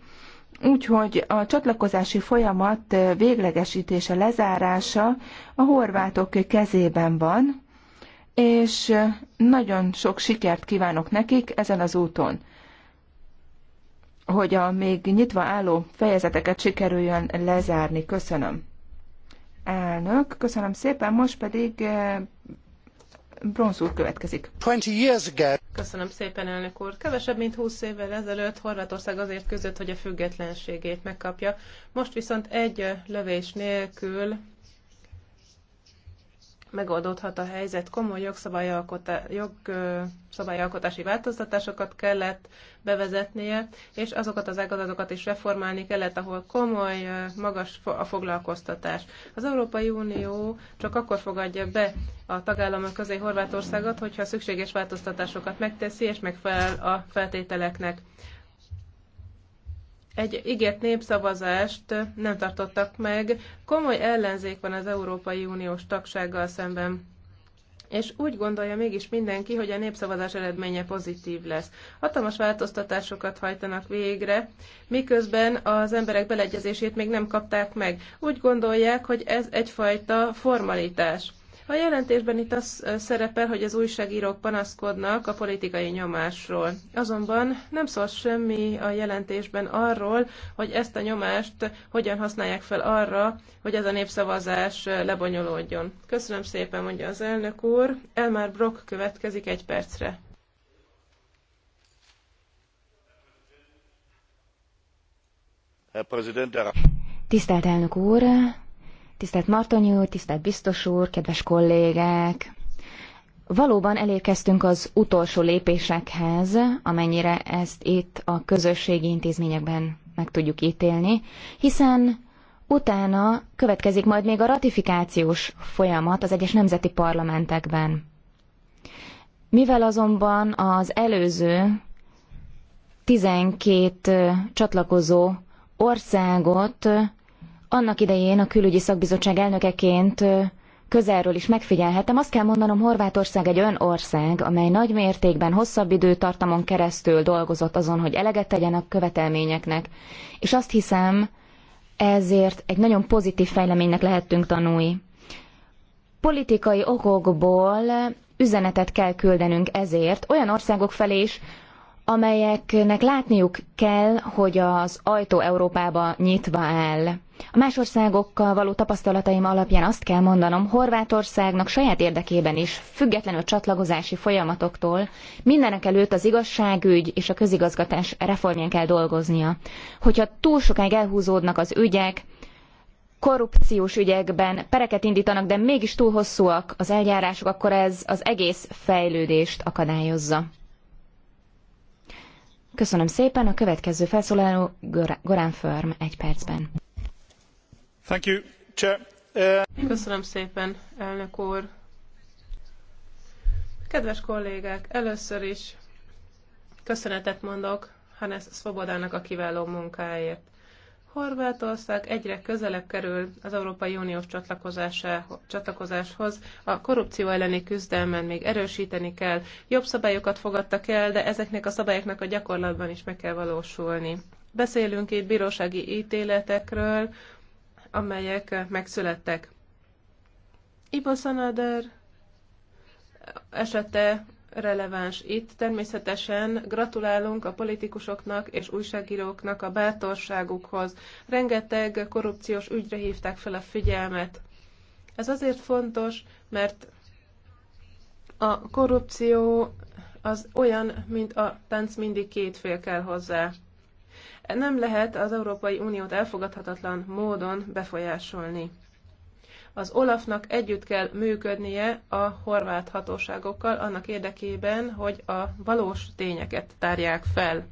Úgyhogy a csatlakozási folyamat eh, véglegesítése, lezárása a horvátok kezében van, és nagyon sok sikert kívánok nekik ezen az úton hogy a még nyitva álló fejezeteket sikerüljön lezárni. Köszönöm. Elnök, köszönöm szépen, most pedig eh, Bronz úr következik. Köszönöm szépen, elnök úr. Kevesebb, mint 20 évvel ezelőtt Horvátország azért között, hogy a függetlenségét megkapja. Most viszont egy lövés nélkül megoldódhat a helyzet. Komoly jogszabályalkotá- jogszabályalkotási változtatásokat kellett bevezetnie, és azokat az ágazatokat is reformálni kellett, ahol komoly, magas a foglalkoztatás. Az Európai Unió csak akkor fogadja be a tagállamok közé Horvátországot, hogyha szükséges változtatásokat megteszi és megfelel a feltételeknek egy ígért népszavazást nem tartottak meg. Komoly ellenzék van az Európai Uniós tagsággal szemben. És úgy gondolja mégis mindenki, hogy a népszavazás eredménye pozitív lesz. Hatalmas változtatásokat hajtanak végre, miközben az emberek beleegyezését még nem kapták meg. Úgy gondolják, hogy ez egyfajta formalitás. A jelentésben itt az szerepel, hogy az újságírók panaszkodnak a politikai nyomásról. Azonban nem szól semmi a jelentésben arról, hogy ezt a nyomást hogyan használják fel arra, hogy ez a népszavazás lebonyolódjon. Köszönöm szépen, mondja az elnök úr. Elmar Brock következik egy percre. Tisztelt elnök úr, Tisztelt Martonyi úr, tisztelt biztos úr, kedves kollégák! Valóban elérkeztünk az utolsó lépésekhez, amennyire ezt itt a közösségi intézményekben meg tudjuk ítélni, hiszen utána következik majd még a ratifikációs folyamat az egyes nemzeti parlamentekben. Mivel azonban az előző 12 csatlakozó országot annak idején a külügyi szakbizottság elnökeként közelről is megfigyelhetem. Azt kell mondanom, Horvátország egy olyan ország, amely nagy mértékben, hosszabb időtartamon keresztül dolgozott azon, hogy eleget tegyen a követelményeknek. És azt hiszem, ezért egy nagyon pozitív fejleménynek lehettünk tanulni. Politikai okokból üzenetet kell küldenünk ezért olyan országok felé is, amelyeknek látniuk kell, hogy az ajtó Európába nyitva áll. A más országokkal való tapasztalataim alapján azt kell mondanom, Horvátországnak saját érdekében is, függetlenül a csatlakozási folyamatoktól, mindenek előtt az igazságügy és a közigazgatás reformján kell dolgoznia. Hogyha túl sokáig elhúzódnak az ügyek, korrupciós ügyekben pereket indítanak, de mégis túl hosszúak az eljárások, akkor ez az egész fejlődést akadályozza. Köszönöm szépen, a következő felszólaló Gorán Förm egy percben. Köszönöm szépen, elnök úr. Kedves kollégák, először is köszönetet mondok Hannes swobodának a kiváló munkáért. Horvátország egyre közelebb kerül az Európai Uniós csatlakozáshoz. A korrupció elleni küzdelmen még erősíteni kell. Jobb szabályokat fogadtak el, de ezeknek a szabályoknak a gyakorlatban is meg kell valósulni. Beszélünk itt bírósági ítéletekről, amelyek eh, megszülettek. Ivo Sanader esete releváns itt. Természetesen gratulálunk a politikusoknak és újságíróknak a bátorságukhoz. Rengeteg korrupciós ügyre hívták fel a figyelmet. Ez azért fontos, mert a korrupció az olyan, mint a tánc mindig két fél kell hozzá nem lehet az Európai Uniót elfogadhatatlan módon befolyásolni. Az Olafnak együtt kell működnie a horvát hatóságokkal annak érdekében, hogy a valós tényeket tárják fel.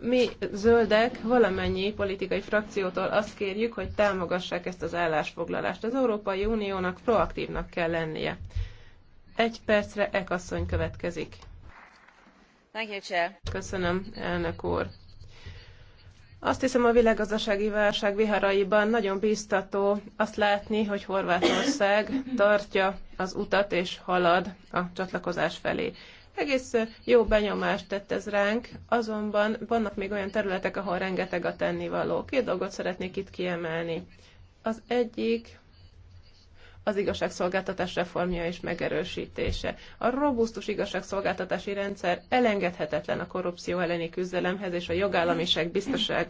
Mi zöldek valamennyi politikai frakciótól azt kérjük, hogy támogassák ezt az állásfoglalást. Az Európai Uniónak proaktívnak kell lennie. Egy percre Ekasszony következik. Köszönöm, elnök úr. Azt hiszem a világgazdasági válság viharaiban nagyon biztató azt látni, hogy Horvátország tartja az utat és halad a csatlakozás felé. Egész jó benyomást tett ez ránk, azonban vannak még olyan területek, ahol rengeteg a tennivaló. Két dolgot szeretnék itt kiemelni. Az egyik az igazságszolgáltatás reformja és megerősítése. A robusztus igazságszolgáltatási rendszer elengedhetetlen a korrupció elleni küzdelemhez és a jogállamiság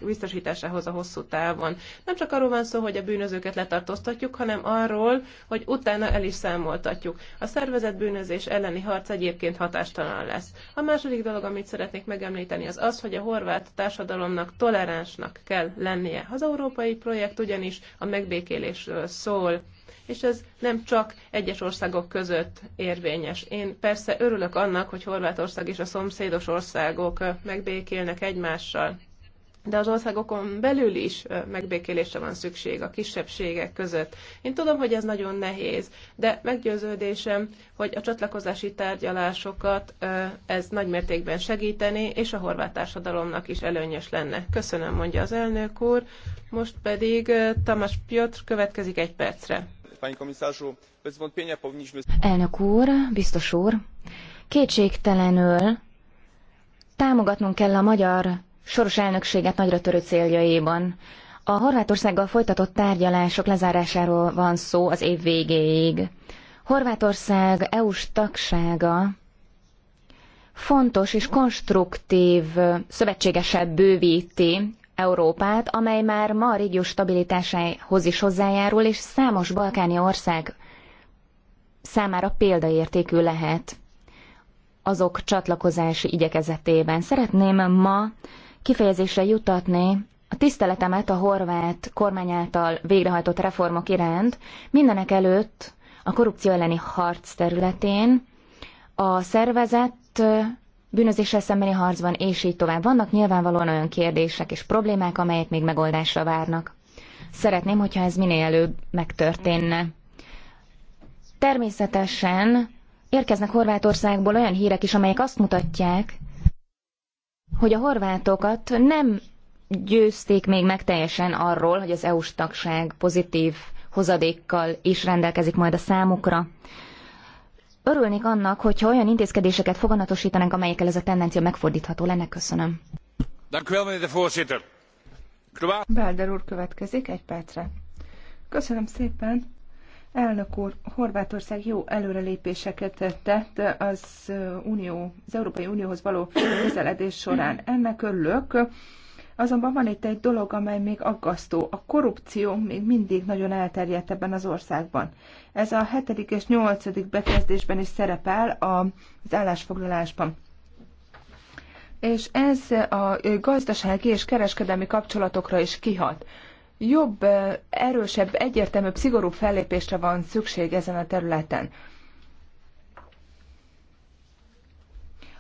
biztosításához a hosszú távon. Nem csak arról van szó, hogy a bűnözőket letartóztatjuk, hanem arról, hogy utána el is számoltatjuk. A szervezett bűnözés elleni harc egyébként hatástalan lesz. A második dolog, amit szeretnék megemlíteni, az az, hogy a horvát társadalomnak toleránsnak kell lennie. Az európai projekt ugyanis a megbékélésről szól és ez nem csak egyes országok között érvényes. Én persze örülök annak, hogy Horvátország és a szomszédos országok megbékélnek egymással, de az országokon belül is megbékélésre van szükség a kisebbségek között. Én tudom, hogy ez nagyon nehéz, de meggyőződésem, hogy a csatlakozási tárgyalásokat ez nagymértékben segíteni, és a horvát társadalomnak is előnyös lenne. Köszönöm, mondja az elnök úr. Most pedig Tamás Piotr következik egy percre. Elnök úr, biztos úr, kétségtelenül támogatnunk kell a magyar soros elnökséget nagyra törő céljaiban. A Horvátországgal folytatott tárgyalások lezárásáról van szó az év végéig. Horvátország EU-s tagsága fontos és konstruktív szövetségesebb bővíti Európát, amely már ma a régió stabilitásához is hozzájárul, és számos balkáni ország számára példaértékű lehet azok csatlakozási igyekezetében. Szeretném ma kifejezésre jutatni a tiszteletemet a horvát kormány által végrehajtott reformok iránt, mindenek előtt a korrupció elleni harc területén, a szervezett bűnözéssel szembeni harcban, és így tovább. Vannak nyilvánvalóan olyan kérdések és problémák, amelyek még megoldásra várnak. Szeretném, hogyha ez minél előbb megtörténne. Természetesen érkeznek Horvátországból olyan hírek is, amelyek azt mutatják, hogy a horvátokat nem győzték még meg teljesen arról, hogy az EU-s tagság pozitív hozadékkal is rendelkezik majd a számukra örülnék annak, hogyha olyan intézkedéseket foganatosítanánk, amelyekkel ez a tendencia megfordítható lenne. Köszönöm. Belder úr következik egy percre. Köszönöm szépen. Elnök úr, Horvátország jó előrelépéseket tett az, Unió, az Európai Unióhoz való közeledés során. Ennek örülök. Azonban van itt egy dolog, amely még aggasztó. A korrupció még mindig nagyon elterjedt ebben az országban. Ez a hetedik és nyolcadik bekezdésben is szerepel az állásfoglalásban. És ez a gazdasági és kereskedelmi kapcsolatokra is kihat jobb, erősebb, egyértelműbb, szigorúbb fellépésre van szükség ezen a területen.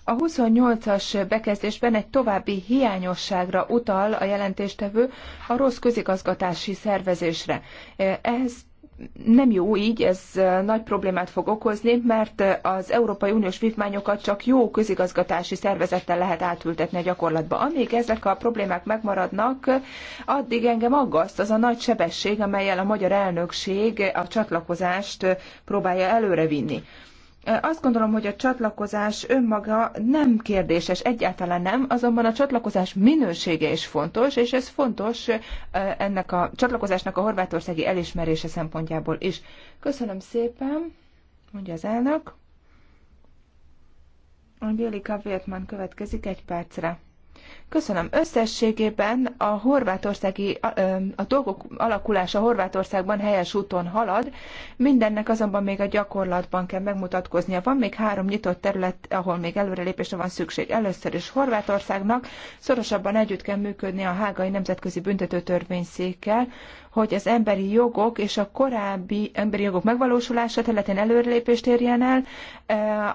A 28-as bekezdésben egy további hiányosságra utal a jelentéstevő a rossz közigazgatási szervezésre. Ez nem jó így, ez nagy problémát fog okozni, mert az Európai Uniós vívmányokat csak jó közigazgatási szervezettel lehet átültetni a gyakorlatba. Amíg ezek a problémák megmaradnak, addig engem aggaszt az a nagy sebesség, amelyel a magyar elnökség a csatlakozást próbálja előrevinni. Azt gondolom, hogy a csatlakozás önmaga nem kérdéses, egyáltalán nem, azonban a csatlakozás minősége is fontos, és ez fontos ennek a csatlakozásnak a horvátországi elismerése szempontjából is. Köszönöm szépen, mondja az elnök. Angélika Vértman következik egy percre. Köszönöm. Összességében a horvátországi, a, a dolgok alakulása Horvátországban helyes úton halad, mindennek azonban még a gyakorlatban kell megmutatkoznia. Van még három nyitott terület, ahol még előrelépésre van szükség. Először is Horvátországnak szorosabban együtt kell működni a Hágai Nemzetközi Büntetőtörvényszékkel, hogy az emberi jogok és a korábbi emberi jogok megvalósulása területén előrelépést érjen el.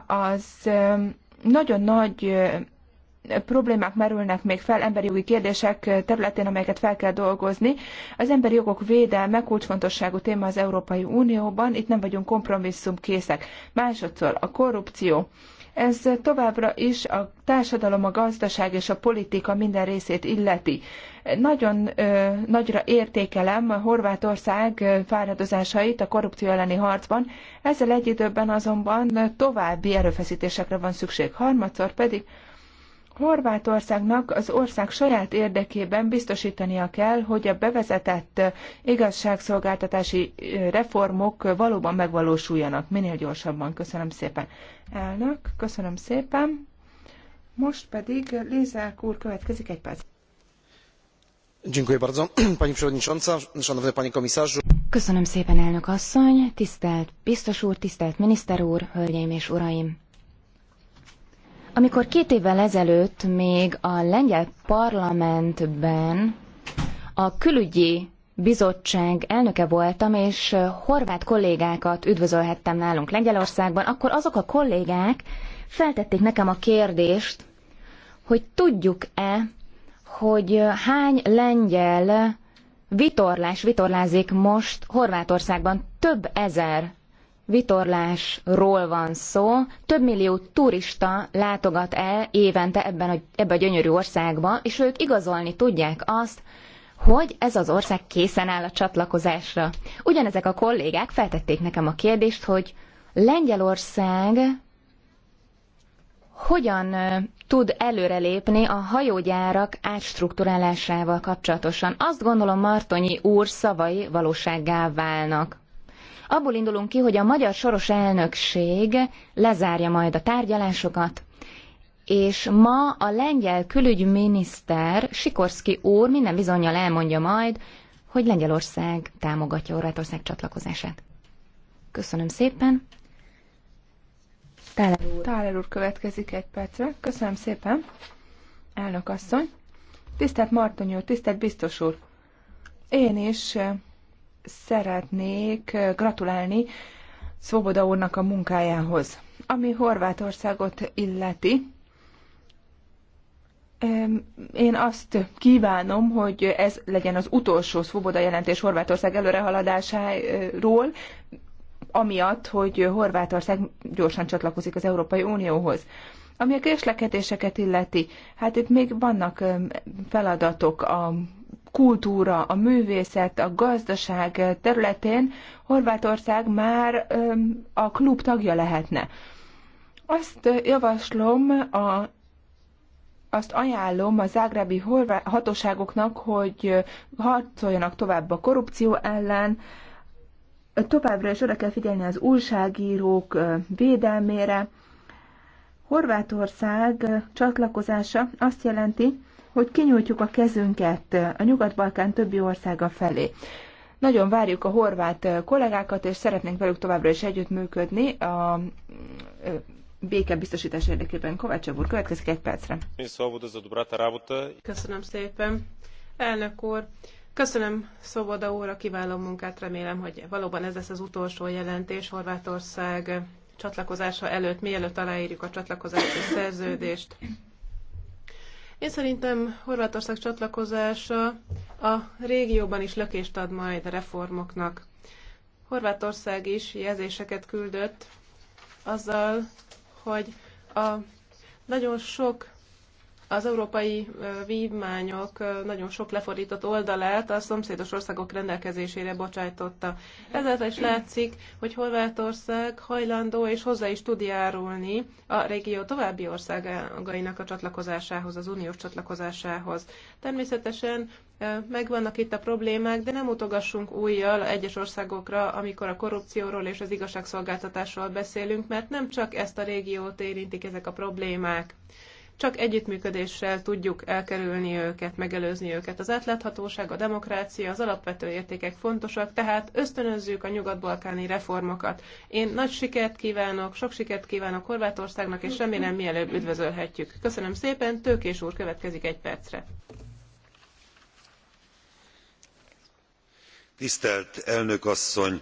Az nagyon nagy problémák merülnek még fel emberi jogi kérdések területén, amelyeket fel kell dolgozni. Az emberi jogok védelme kulcsfontosságú téma az Európai Unióban, itt nem vagyunk kompromisszumkészek. Másodszor a korrupció. Ez továbbra is a társadalom, a gazdaság és a politika minden részét illeti. Nagyon ö, nagyra értékelem a Horvátország fáradozásait a korrupció elleni harcban, ezzel egy időben azonban további erőfeszítésekre van szükség. Harmadszor pedig Horvátországnak az ország saját érdekében biztosítania kell, hogy a bevezetett igazságszolgáltatási reformok valóban megvalósuljanak minél gyorsabban. Köszönöm szépen. Elnök, köszönöm szépen. Most pedig Lézák úr következik egy perc. Dziękuję bardzo, pani przewodnicząca, szanowny panie komisarzu. Köszönöm szépen, elnök asszony, tisztelt biztos úr, tisztelt miniszter úr, hölgyeim és uraim. Amikor két évvel ezelőtt még a lengyel parlamentben a külügyi bizottság elnöke voltam, és horvát kollégákat üdvözölhettem nálunk Lengyelországban, akkor azok a kollégák feltették nekem a kérdést, hogy tudjuk-e, hogy hány lengyel vitorlás vitorlázik most Horvátországban több ezer vitorlásról van szó. Több millió turista látogat el évente ebben a, ebbe a gyönyörű országba, és ők igazolni tudják azt, hogy ez az ország készen áll a csatlakozásra. Ugyanezek a kollégák feltették nekem a kérdést, hogy Lengyelország hogyan tud előrelépni a hajógyárak átstruktúrálásával kapcsolatosan. Azt gondolom Martonyi úr szavai valósággá válnak. Abból indulunk ki, hogy a magyar soros elnökség lezárja majd a tárgyalásokat, és ma a lengyel külügyminiszter Sikorszki úr minden bizonyal elmondja majd, hogy Lengyelország támogatja Orvátország csatlakozását. Köszönöm szépen. Táler úr. Táler úr következik egy percre. Köszönöm szépen. Elnök asszony. Tisztelt Martony úr, tisztelt biztos úr. Én is szeretnék gratulálni Szoboda úrnak a munkájához. Ami Horvátországot illeti, én azt kívánom, hogy ez legyen az utolsó Szoboda jelentés Horvátország előrehaladásáról, amiatt, hogy Horvátország gyorsan csatlakozik az Európai Unióhoz. Ami a késlekedéseket illeti, hát itt még vannak feladatok a kultúra, a művészet, a gazdaság területén Horvátország már a klub tagja lehetne. Azt javaslom, a, azt ajánlom a zágrábi hatóságoknak, hogy harcoljanak tovább a korrupció ellen, továbbra is oda kell figyelni az újságírók védelmére. Horvátország csatlakozása azt jelenti, hogy kinyújtjuk a kezünket a Nyugat-Balkán többi országa felé. Nagyon várjuk a horvát kollégákat, és szeretnénk velük továbbra is együttműködni a béke biztosítás érdekében. Kovács úr, következik egy percre. Köszönöm szépen. Elnök úr, köszönöm Szoboda úr a kiváló munkát, remélem, hogy valóban ez lesz az utolsó jelentés Horvátország csatlakozása előtt, mielőtt aláírjuk a csatlakozási szerződést. Én szerintem Horvátország csatlakozása a régióban is lökést ad majd a reformoknak. Horvátország is jelzéseket küldött azzal, hogy a nagyon sok az európai vívmányok nagyon sok lefordított oldalát a szomszédos országok rendelkezésére bocsájtotta. Ezzel is látszik, hogy Horvátország hajlandó és hozzá is tud járulni a régió további országainak a csatlakozásához, az uniós csatlakozásához. Természetesen megvannak itt a problémák, de nem utogassunk újjal egyes országokra, amikor a korrupcióról és az igazságszolgáltatásról beszélünk, mert nem csak ezt a régiót érintik ezek a problémák csak együttműködéssel tudjuk elkerülni őket, megelőzni őket. Az átláthatóság, a demokrácia, az alapvető értékek fontosak, tehát ösztönözzük a nyugat-balkáni reformokat. Én nagy sikert kívánok, sok sikert kívánok Horvátországnak, és remélem mielőbb üdvözölhetjük. Köszönöm szépen, Tőkés úr következik egy percre. Tisztelt elnök asszony!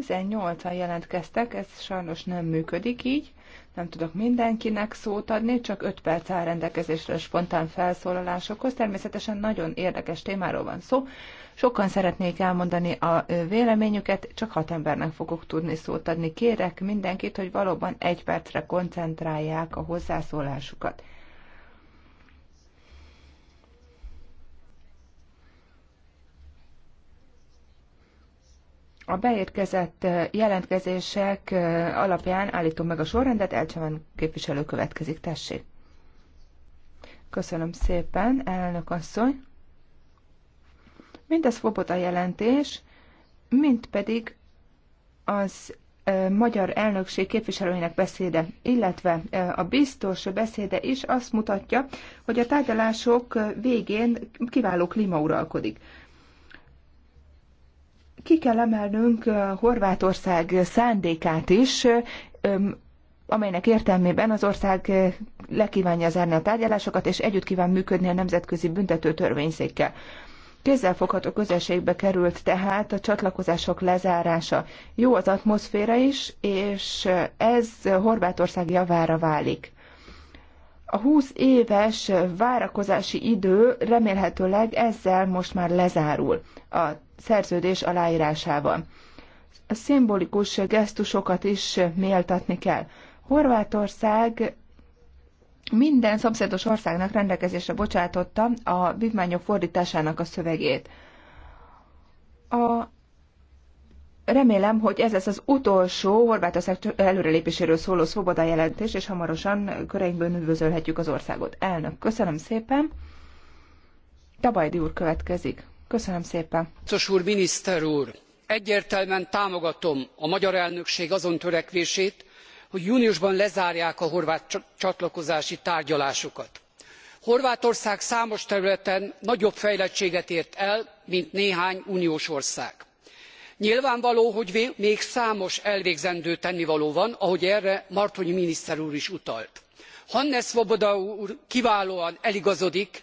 18-an jelentkeztek, ez sajnos nem működik így. Nem tudok mindenkinek szót adni, csak 5 perc áll rendelkezésre a spontán felszólalásokhoz. Természetesen nagyon érdekes témáról van szó. Sokan szeretnék elmondani a véleményüket, csak hat embernek fogok tudni szót adni. Kérek mindenkit, hogy valóban egy percre koncentrálják a hozzászólásukat. A beérkezett jelentkezések alapján állítom meg a sorrendet, Elcsaván képviselő következik, tessék. Köszönöm szépen, elnök asszony. Mindez a jelentés, mint pedig az magyar elnökség képviselőinek beszéde, illetve a biztos beszéde is azt mutatja, hogy a tárgyalások végén kiváló klíma uralkodik. Ki kell emelnünk Horvátország szándékát is, amelynek értelmében az ország lekívánja zárni a tárgyalásokat, és együtt kíván működni a Nemzetközi Büntető Törvényszékkel. Kézzelfogható közelségbe került tehát a csatlakozások lezárása. Jó az atmoszféra is, és ez Horvátország javára válik. A 20 éves várakozási idő remélhetőleg ezzel most már lezárul. A szerződés aláírásával. A szimbolikus gesztusokat is méltatni kell. Horvátország minden szomszédos országnak rendelkezésre bocsátotta a vívmányok fordításának a szövegét. A Remélem, hogy ez lesz az utolsó Horvátország előrelépéséről szóló szoboda jelentés, és hamarosan köreinkből üdvözölhetjük az országot. Elnök, köszönöm szépen. Tabajdi úr következik. Biztos úr, miniszter úr, egyértelműen támogatom a magyar elnökség azon törekvését, hogy júniusban lezárják a horvát csatlakozási tárgyalásokat. Horvátország számos területen nagyobb fejlettséget ért el, mint néhány uniós ország. Nyilvánvaló, hogy még számos elvégzendő tennivaló van, ahogy erre Martonyi miniszter úr is utalt. Hannes Swoboda úr kiválóan eligazodik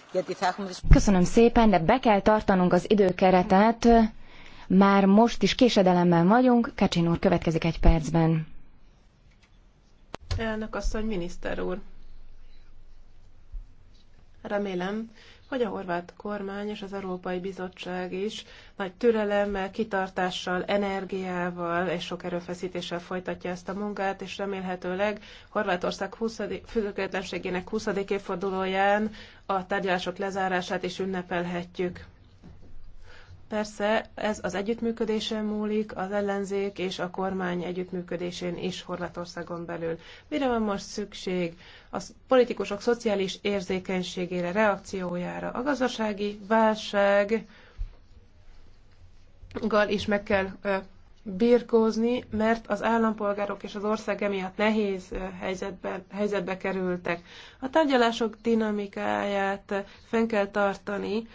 Köszönöm szépen, de be kell tartanunk az időkeretet. Már most is késedelemmel vagyunk. Kacsin úr, következik egy percben. Elnök asszony, miniszter úr. Remélem, hogy a horvát kormány és az Európai Bizottság is nagy türelemmel, kitartással, energiával és sok erőfeszítéssel folytatja ezt a munkát, és remélhetőleg Horvátország 20. függetlenségének 20. évfordulóján a tárgyalások lezárását is ünnepelhetjük. Persze ez az együttműködésen múlik, az ellenzék és a kormány együttműködésén is Horvátországon belül. Mire van most szükség? A politikusok szociális érzékenységére, reakciójára. A gazdasági válsággal is meg kell birkózni, mert az állampolgárok és az ország emiatt nehéz helyzetbe, helyzetbe kerültek. A tárgyalások dinamikáját fenn kell tartani,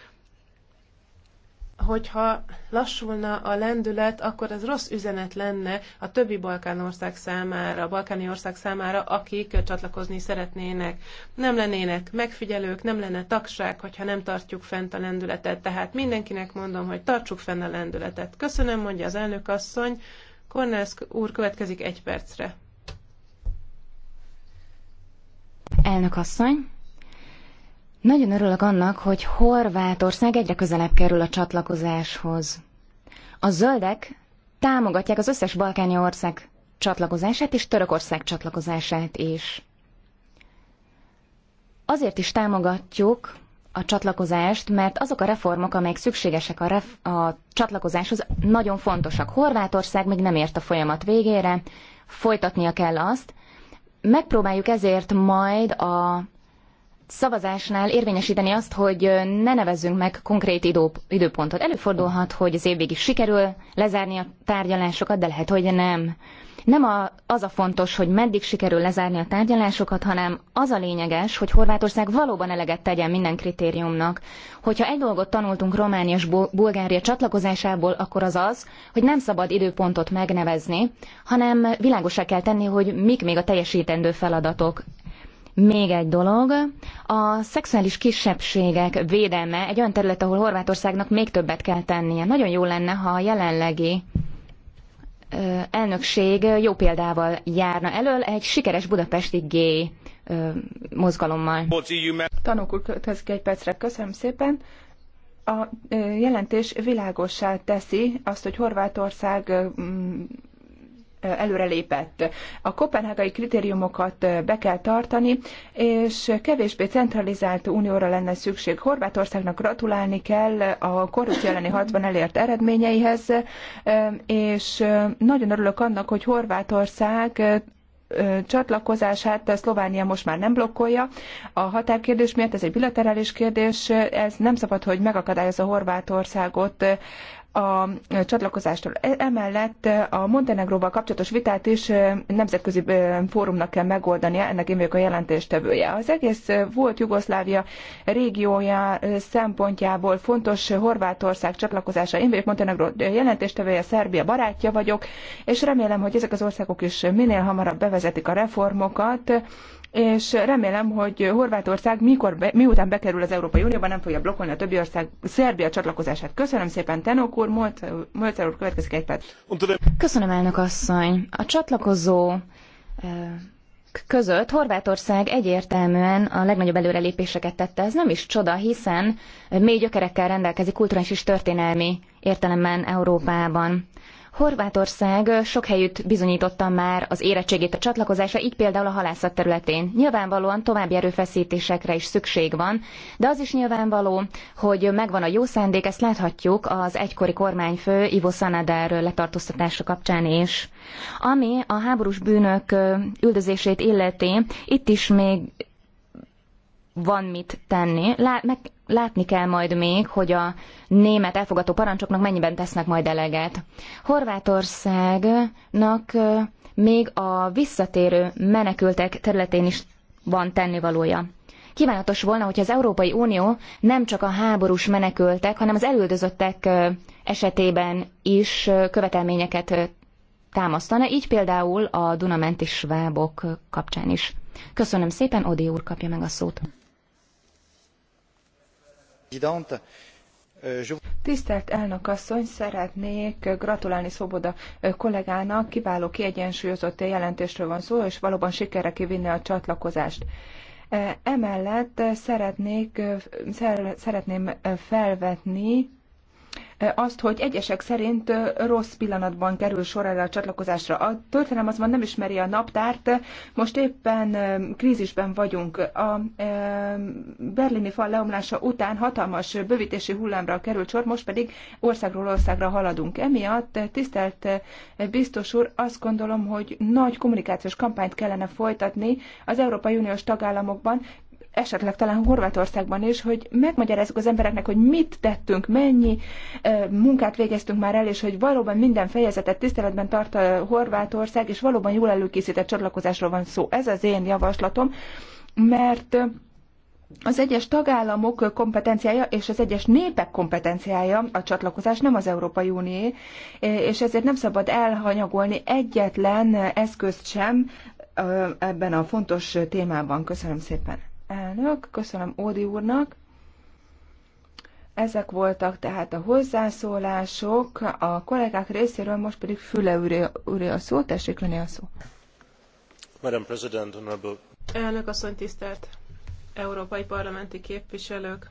hogyha lassulna a lendület, akkor ez rossz üzenet lenne a többi balkán ország számára, a balkáni ország számára, akik csatlakozni szeretnének. Nem lennének megfigyelők, nem lenne tagság, hogyha nem tartjuk fent a lendületet. Tehát mindenkinek mondom, hogy tartsuk fenn a lendületet. Köszönöm, mondja az elnök asszony. Kornelsz úr következik egy percre. Elnök asszony. Nagyon örülök annak, hogy Horvátország egyre közelebb kerül a csatlakozáshoz. A zöldek támogatják az összes balkáni ország csatlakozását és Törökország csatlakozását is. Azért is támogatjuk a csatlakozást, mert azok a reformok, amelyek szükségesek a, ref- a csatlakozáshoz, nagyon fontosak. Horvátország még nem ért a folyamat végére, folytatnia kell azt. Megpróbáljuk ezért majd a szavazásnál érvényesíteni azt, hogy ne nevezzünk meg konkrét idő, időpontot. Előfordulhat, hogy az év végig sikerül lezárni a tárgyalásokat, de lehet, hogy nem. Nem a, az a fontos, hogy meddig sikerül lezárni a tárgyalásokat, hanem az a lényeges, hogy Horvátország valóban eleget tegyen minden kritériumnak. Hogyha egy dolgot tanultunk Románia és Bulgária csatlakozásából, akkor az az, hogy nem szabad időpontot megnevezni, hanem világosá kell tenni, hogy mik még a teljesítendő feladatok. Még egy dolog, a szexuális kisebbségek védelme egy olyan terület, ahol Horvátországnak még többet kell tennie. Nagyon jó lenne, ha a jelenlegi elnökség jó példával járna elől egy sikeres budapesti gay mozgalommal. Tanok úr, egy percre. Köszönöm szépen. A jelentés világossá teszi azt, hogy Horvátország előrelépett. A kopenhágai kritériumokat be kell tartani, és kevésbé centralizált unióra lenne szükség. Horvátországnak gratulálni kell a korrupció elleni harcban elért eredményeihez, és nagyon örülök annak, hogy Horvátország csatlakozását Szlovánia most már nem blokkolja. A határkérdés miatt ez egy bilaterális kérdés, ez nem szabad, hogy megakadályozza Horvátországot a csatlakozástól. E- emellett a Montenegróval kapcsolatos vitát is nemzetközi fórumnak kell megoldania, ennek én vagyok a jelentéstevője. Az egész volt Jugoszlávia régiója szempontjából fontos Horvátország csatlakozása. Én vagyok Montenegró jelentéstevője, Szerbia barátja vagyok, és remélem, hogy ezek az országok is minél hamarabb bevezetik a reformokat, és remélem, hogy Horvátország mikor, be, miután bekerül az Európai Unióba, nem fogja blokkolni a többi ország Szerbia csatlakozását. Köszönöm szépen, Tenok úr, Molcer úr, következik egy perc. Köszönöm, elnök asszony. A csatlakozó között Horvátország egyértelműen a legnagyobb előrelépéseket tette. Ez nem is csoda, hiszen mély gyökerekkel rendelkezik kulturális és történelmi értelemben Európában. Horvátország sok helyütt bizonyította már az érettségét a csatlakozásra, így például a halászat területén. Nyilvánvalóan további erőfeszítésekre is szükség van, de az is nyilvánvaló, hogy megvan a jó szándék, ezt láthatjuk az egykori kormányfő Ivo Sanader letartóztatása kapcsán is. Ami a háborús bűnök üldözését illeti, itt is még van mit tenni. Lát, meg, látni kell majd még, hogy a német elfogató parancsoknak mennyiben tesznek majd eleget. Horvátországnak még a visszatérő menekültek területén is van tennivalója. Kívánatos volna, hogy az Európai Unió nem csak a háborús menekültek, hanem az elüldözöttek esetében is követelményeket támasztana, így például a Dunamenti svábok kapcsán is. Köszönöm szépen, Odi úr kapja meg a szót. Eh, Tisztelt elnök asszony, szeretnék gratulálni Szoboda eh, kollégának, kiváló kiegyensúlyozott jelentésről van szó, és valóban sikerre kivinni a csatlakozást. Eh, emellett szeretnék, szeretném felvetni azt, hogy egyesek szerint rossz pillanatban kerül sor erre a csatlakozásra. A történelem azonban nem ismeri a naptárt, most éppen krízisben vagyunk. A berlini fal leomlása után hatalmas bővítési hullámra került sor, most pedig országról országra haladunk. Emiatt, tisztelt biztos úr, azt gondolom, hogy nagy kommunikációs kampányt kellene folytatni az Európai Uniós tagállamokban, esetleg talán Horvátországban is, hogy megmagyarázzuk az embereknek, hogy mit tettünk, mennyi munkát végeztünk már el, és hogy valóban minden fejezetet tiszteletben tart a Horvátország, és valóban jól előkészített csatlakozásról van szó. Ez az én javaslatom, mert az egyes tagállamok kompetenciája és az egyes népek kompetenciája a csatlakozás nem az Európai Unió, és ezért nem szabad elhanyagolni egyetlen eszközt sem ebben a fontos témában. Köszönöm szépen! Elnök, köszönöm Ódi úrnak. Ezek voltak tehát a hozzászólások a kollégák részéről, most pedig Füle úré a szó, tessék lenni a szó. Madam President, Honorable. Elnök asszony, tisztelt európai parlamenti képviselők!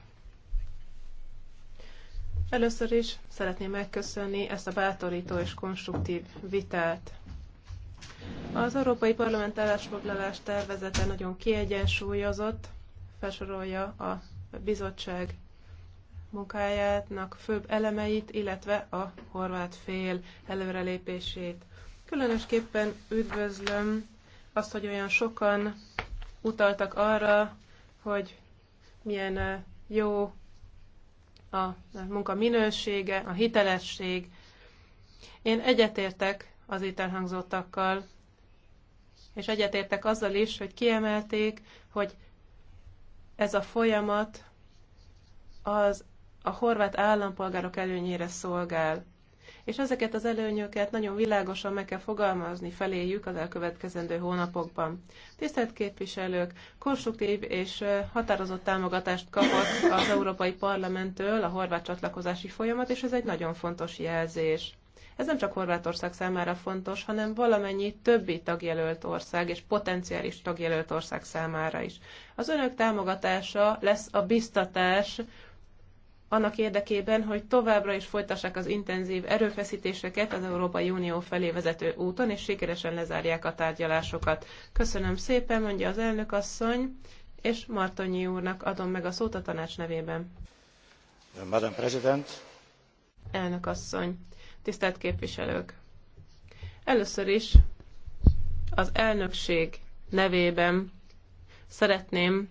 Először is szeretném megköszönni ezt a bátorító és konstruktív vitát. Az Európai Parlament állásfoglalás tervezete nagyon kiegyensúlyozott, felsorolja a bizottság munkájának főbb elemeit, illetve a horvát fél előrelépését. Különösképpen üdvözlöm azt, hogy olyan sokan utaltak arra, hogy milyen jó a munka minősége, a hitelesség. Én egyetértek az itt elhangzottakkal, és egyetértek azzal is, hogy kiemelték, hogy ez a folyamat az a horvát állampolgárok előnyére szolgál. És ezeket az előnyöket nagyon világosan meg kell fogalmazni feléjük az elkövetkezendő hónapokban. Tisztelt képviselők, konstruktív és határozott támogatást kapott az Európai Parlamenttől a horvát csatlakozási folyamat, és ez egy nagyon fontos jelzés. Ez nem csak Horvátország számára fontos, hanem valamennyi többi tagjelölt ország és potenciális tagjelölt ország számára is. Az önök támogatása lesz a biztatás annak érdekében, hogy továbbra is folytassák az intenzív erőfeszítéseket az Európai Unió felé vezető úton, és sikeresen lezárják a tárgyalásokat. Köszönöm szépen, mondja az elnök asszony, és Martonyi úrnak adom meg a szót a tanács nevében. Madam President. Elnök asszony tisztelt képviselők! Először is az elnökség nevében szeretném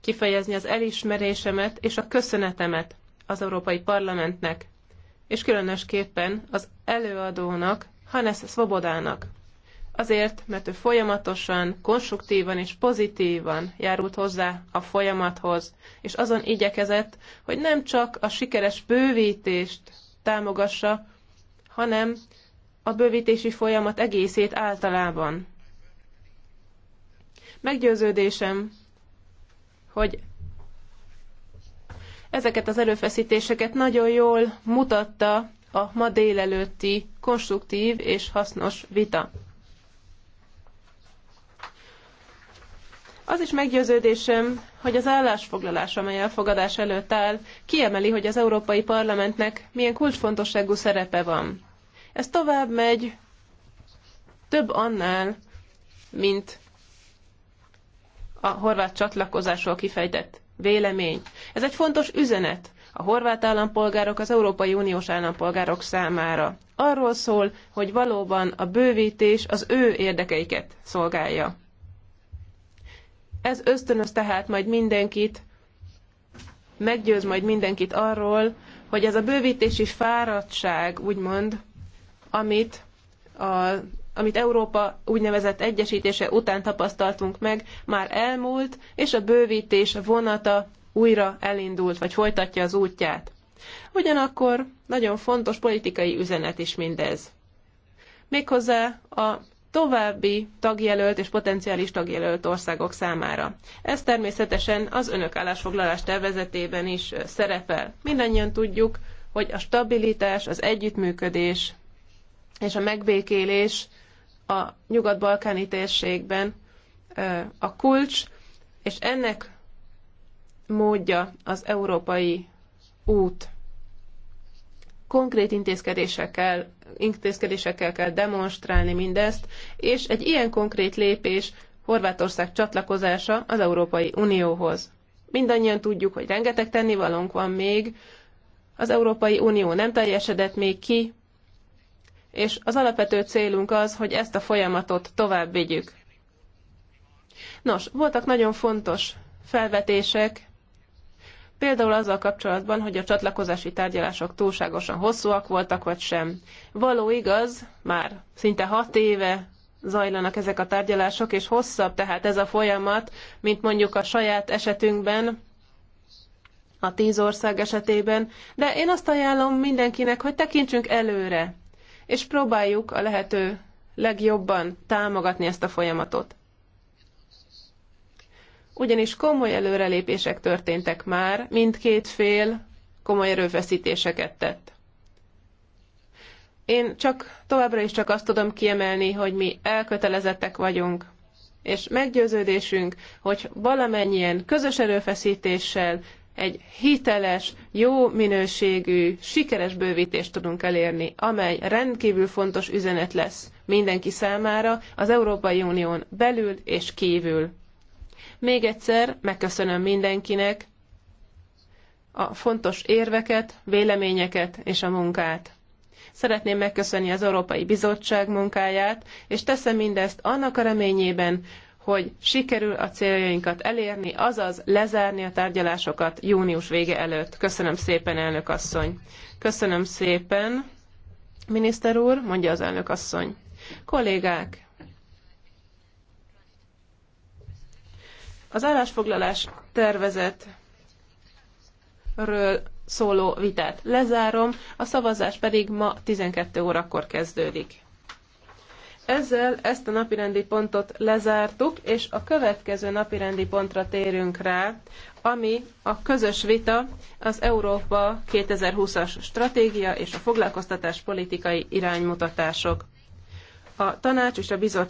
kifejezni az elismerésemet és a köszönetemet az Európai Parlamentnek, és különösképpen az előadónak, Hannes Svobodának. Azért, mert ő folyamatosan, konstruktívan és pozitívan járult hozzá a folyamathoz, és azon igyekezett, hogy nem csak a sikeres bővítést támogassa, hanem a bővítési folyamat egészét általában. Meggyőződésem, hogy ezeket az erőfeszítéseket nagyon jól mutatta a ma délelőtti konstruktív és hasznos vita. Az is meggyőződésem, hogy az állásfoglalás, amely elfogadás előtt áll, kiemeli, hogy az Európai Parlamentnek milyen kulcsfontosságú szerepe van. Ez tovább megy több annál, mint a horvát csatlakozásról kifejtett vélemény. Ez egy fontos üzenet a horvát állampolgárok az Európai Uniós állampolgárok számára. Arról szól, hogy valóban a bővítés az ő érdekeiket szolgálja. Ez ösztönöz tehát majd mindenkit, meggyőz majd mindenkit arról, hogy ez a bővítési fáradtság, úgymond, amit a amit Európa úgynevezett egyesítése után tapasztaltunk meg, már elmúlt, és a bővítés vonata újra elindult, vagy folytatja az útját. Ugyanakkor nagyon fontos politikai üzenet is mindez. Méghozzá a további tagjelölt és potenciális tagjelölt országok számára. Ez természetesen az önök állásfoglalás tervezetében is szerepel. Mindannyian tudjuk, hogy a stabilitás, az együttműködés és a megbékélés a nyugat-balkáni térségben a kulcs, és ennek módja az európai út. Konkrét intézkedésekkel intézkedésekkel kell demonstrálni mindezt, és egy ilyen konkrét lépés Horvátország csatlakozása az Európai Unióhoz. Mindannyian tudjuk, hogy rengeteg tennivalónk van még, az Európai Unió nem teljesedett még ki, és az alapvető célunk az, hogy ezt a folyamatot tovább vigyük. Nos, voltak nagyon fontos felvetések Például azzal kapcsolatban, hogy a csatlakozási tárgyalások túlságosan hosszúak voltak, vagy sem. Való igaz, már szinte hat éve zajlanak ezek a tárgyalások, és hosszabb tehát ez a folyamat, mint mondjuk a saját esetünkben, a tíz ország esetében, de én azt ajánlom mindenkinek, hogy tekintsünk előre, és próbáljuk a lehető legjobban támogatni ezt a folyamatot ugyanis komoly előrelépések történtek már, mindkét fél komoly erőfeszítéseket tett. Én csak továbbra is csak azt tudom kiemelni, hogy mi elkötelezettek vagyunk, és meggyőződésünk, hogy valamennyien közös erőfeszítéssel egy hiteles, jó minőségű, sikeres bővítést tudunk elérni, amely rendkívül fontos üzenet lesz mindenki számára az Európai Unión belül és kívül. Még egyszer megköszönöm mindenkinek a fontos érveket, véleményeket és a munkát. Szeretném megköszönni az Európai Bizottság munkáját, és teszem mindezt annak a reményében, hogy sikerül a céljainkat elérni, azaz lezárni a tárgyalásokat június vége előtt. Köszönöm szépen, elnök asszony. Köszönöm szépen, miniszter úr, mondja az elnök asszony. Kollégák, Az állásfoglalás tervezetről szóló vitát lezárom, a szavazás pedig ma 12 órakor kezdődik. Ezzel ezt a napirendi pontot lezártuk, és a következő napirendi pontra térünk rá, ami a közös vita az Európa 2020-as stratégia és a foglalkoztatás politikai iránymutatások. A tanács és a bizottság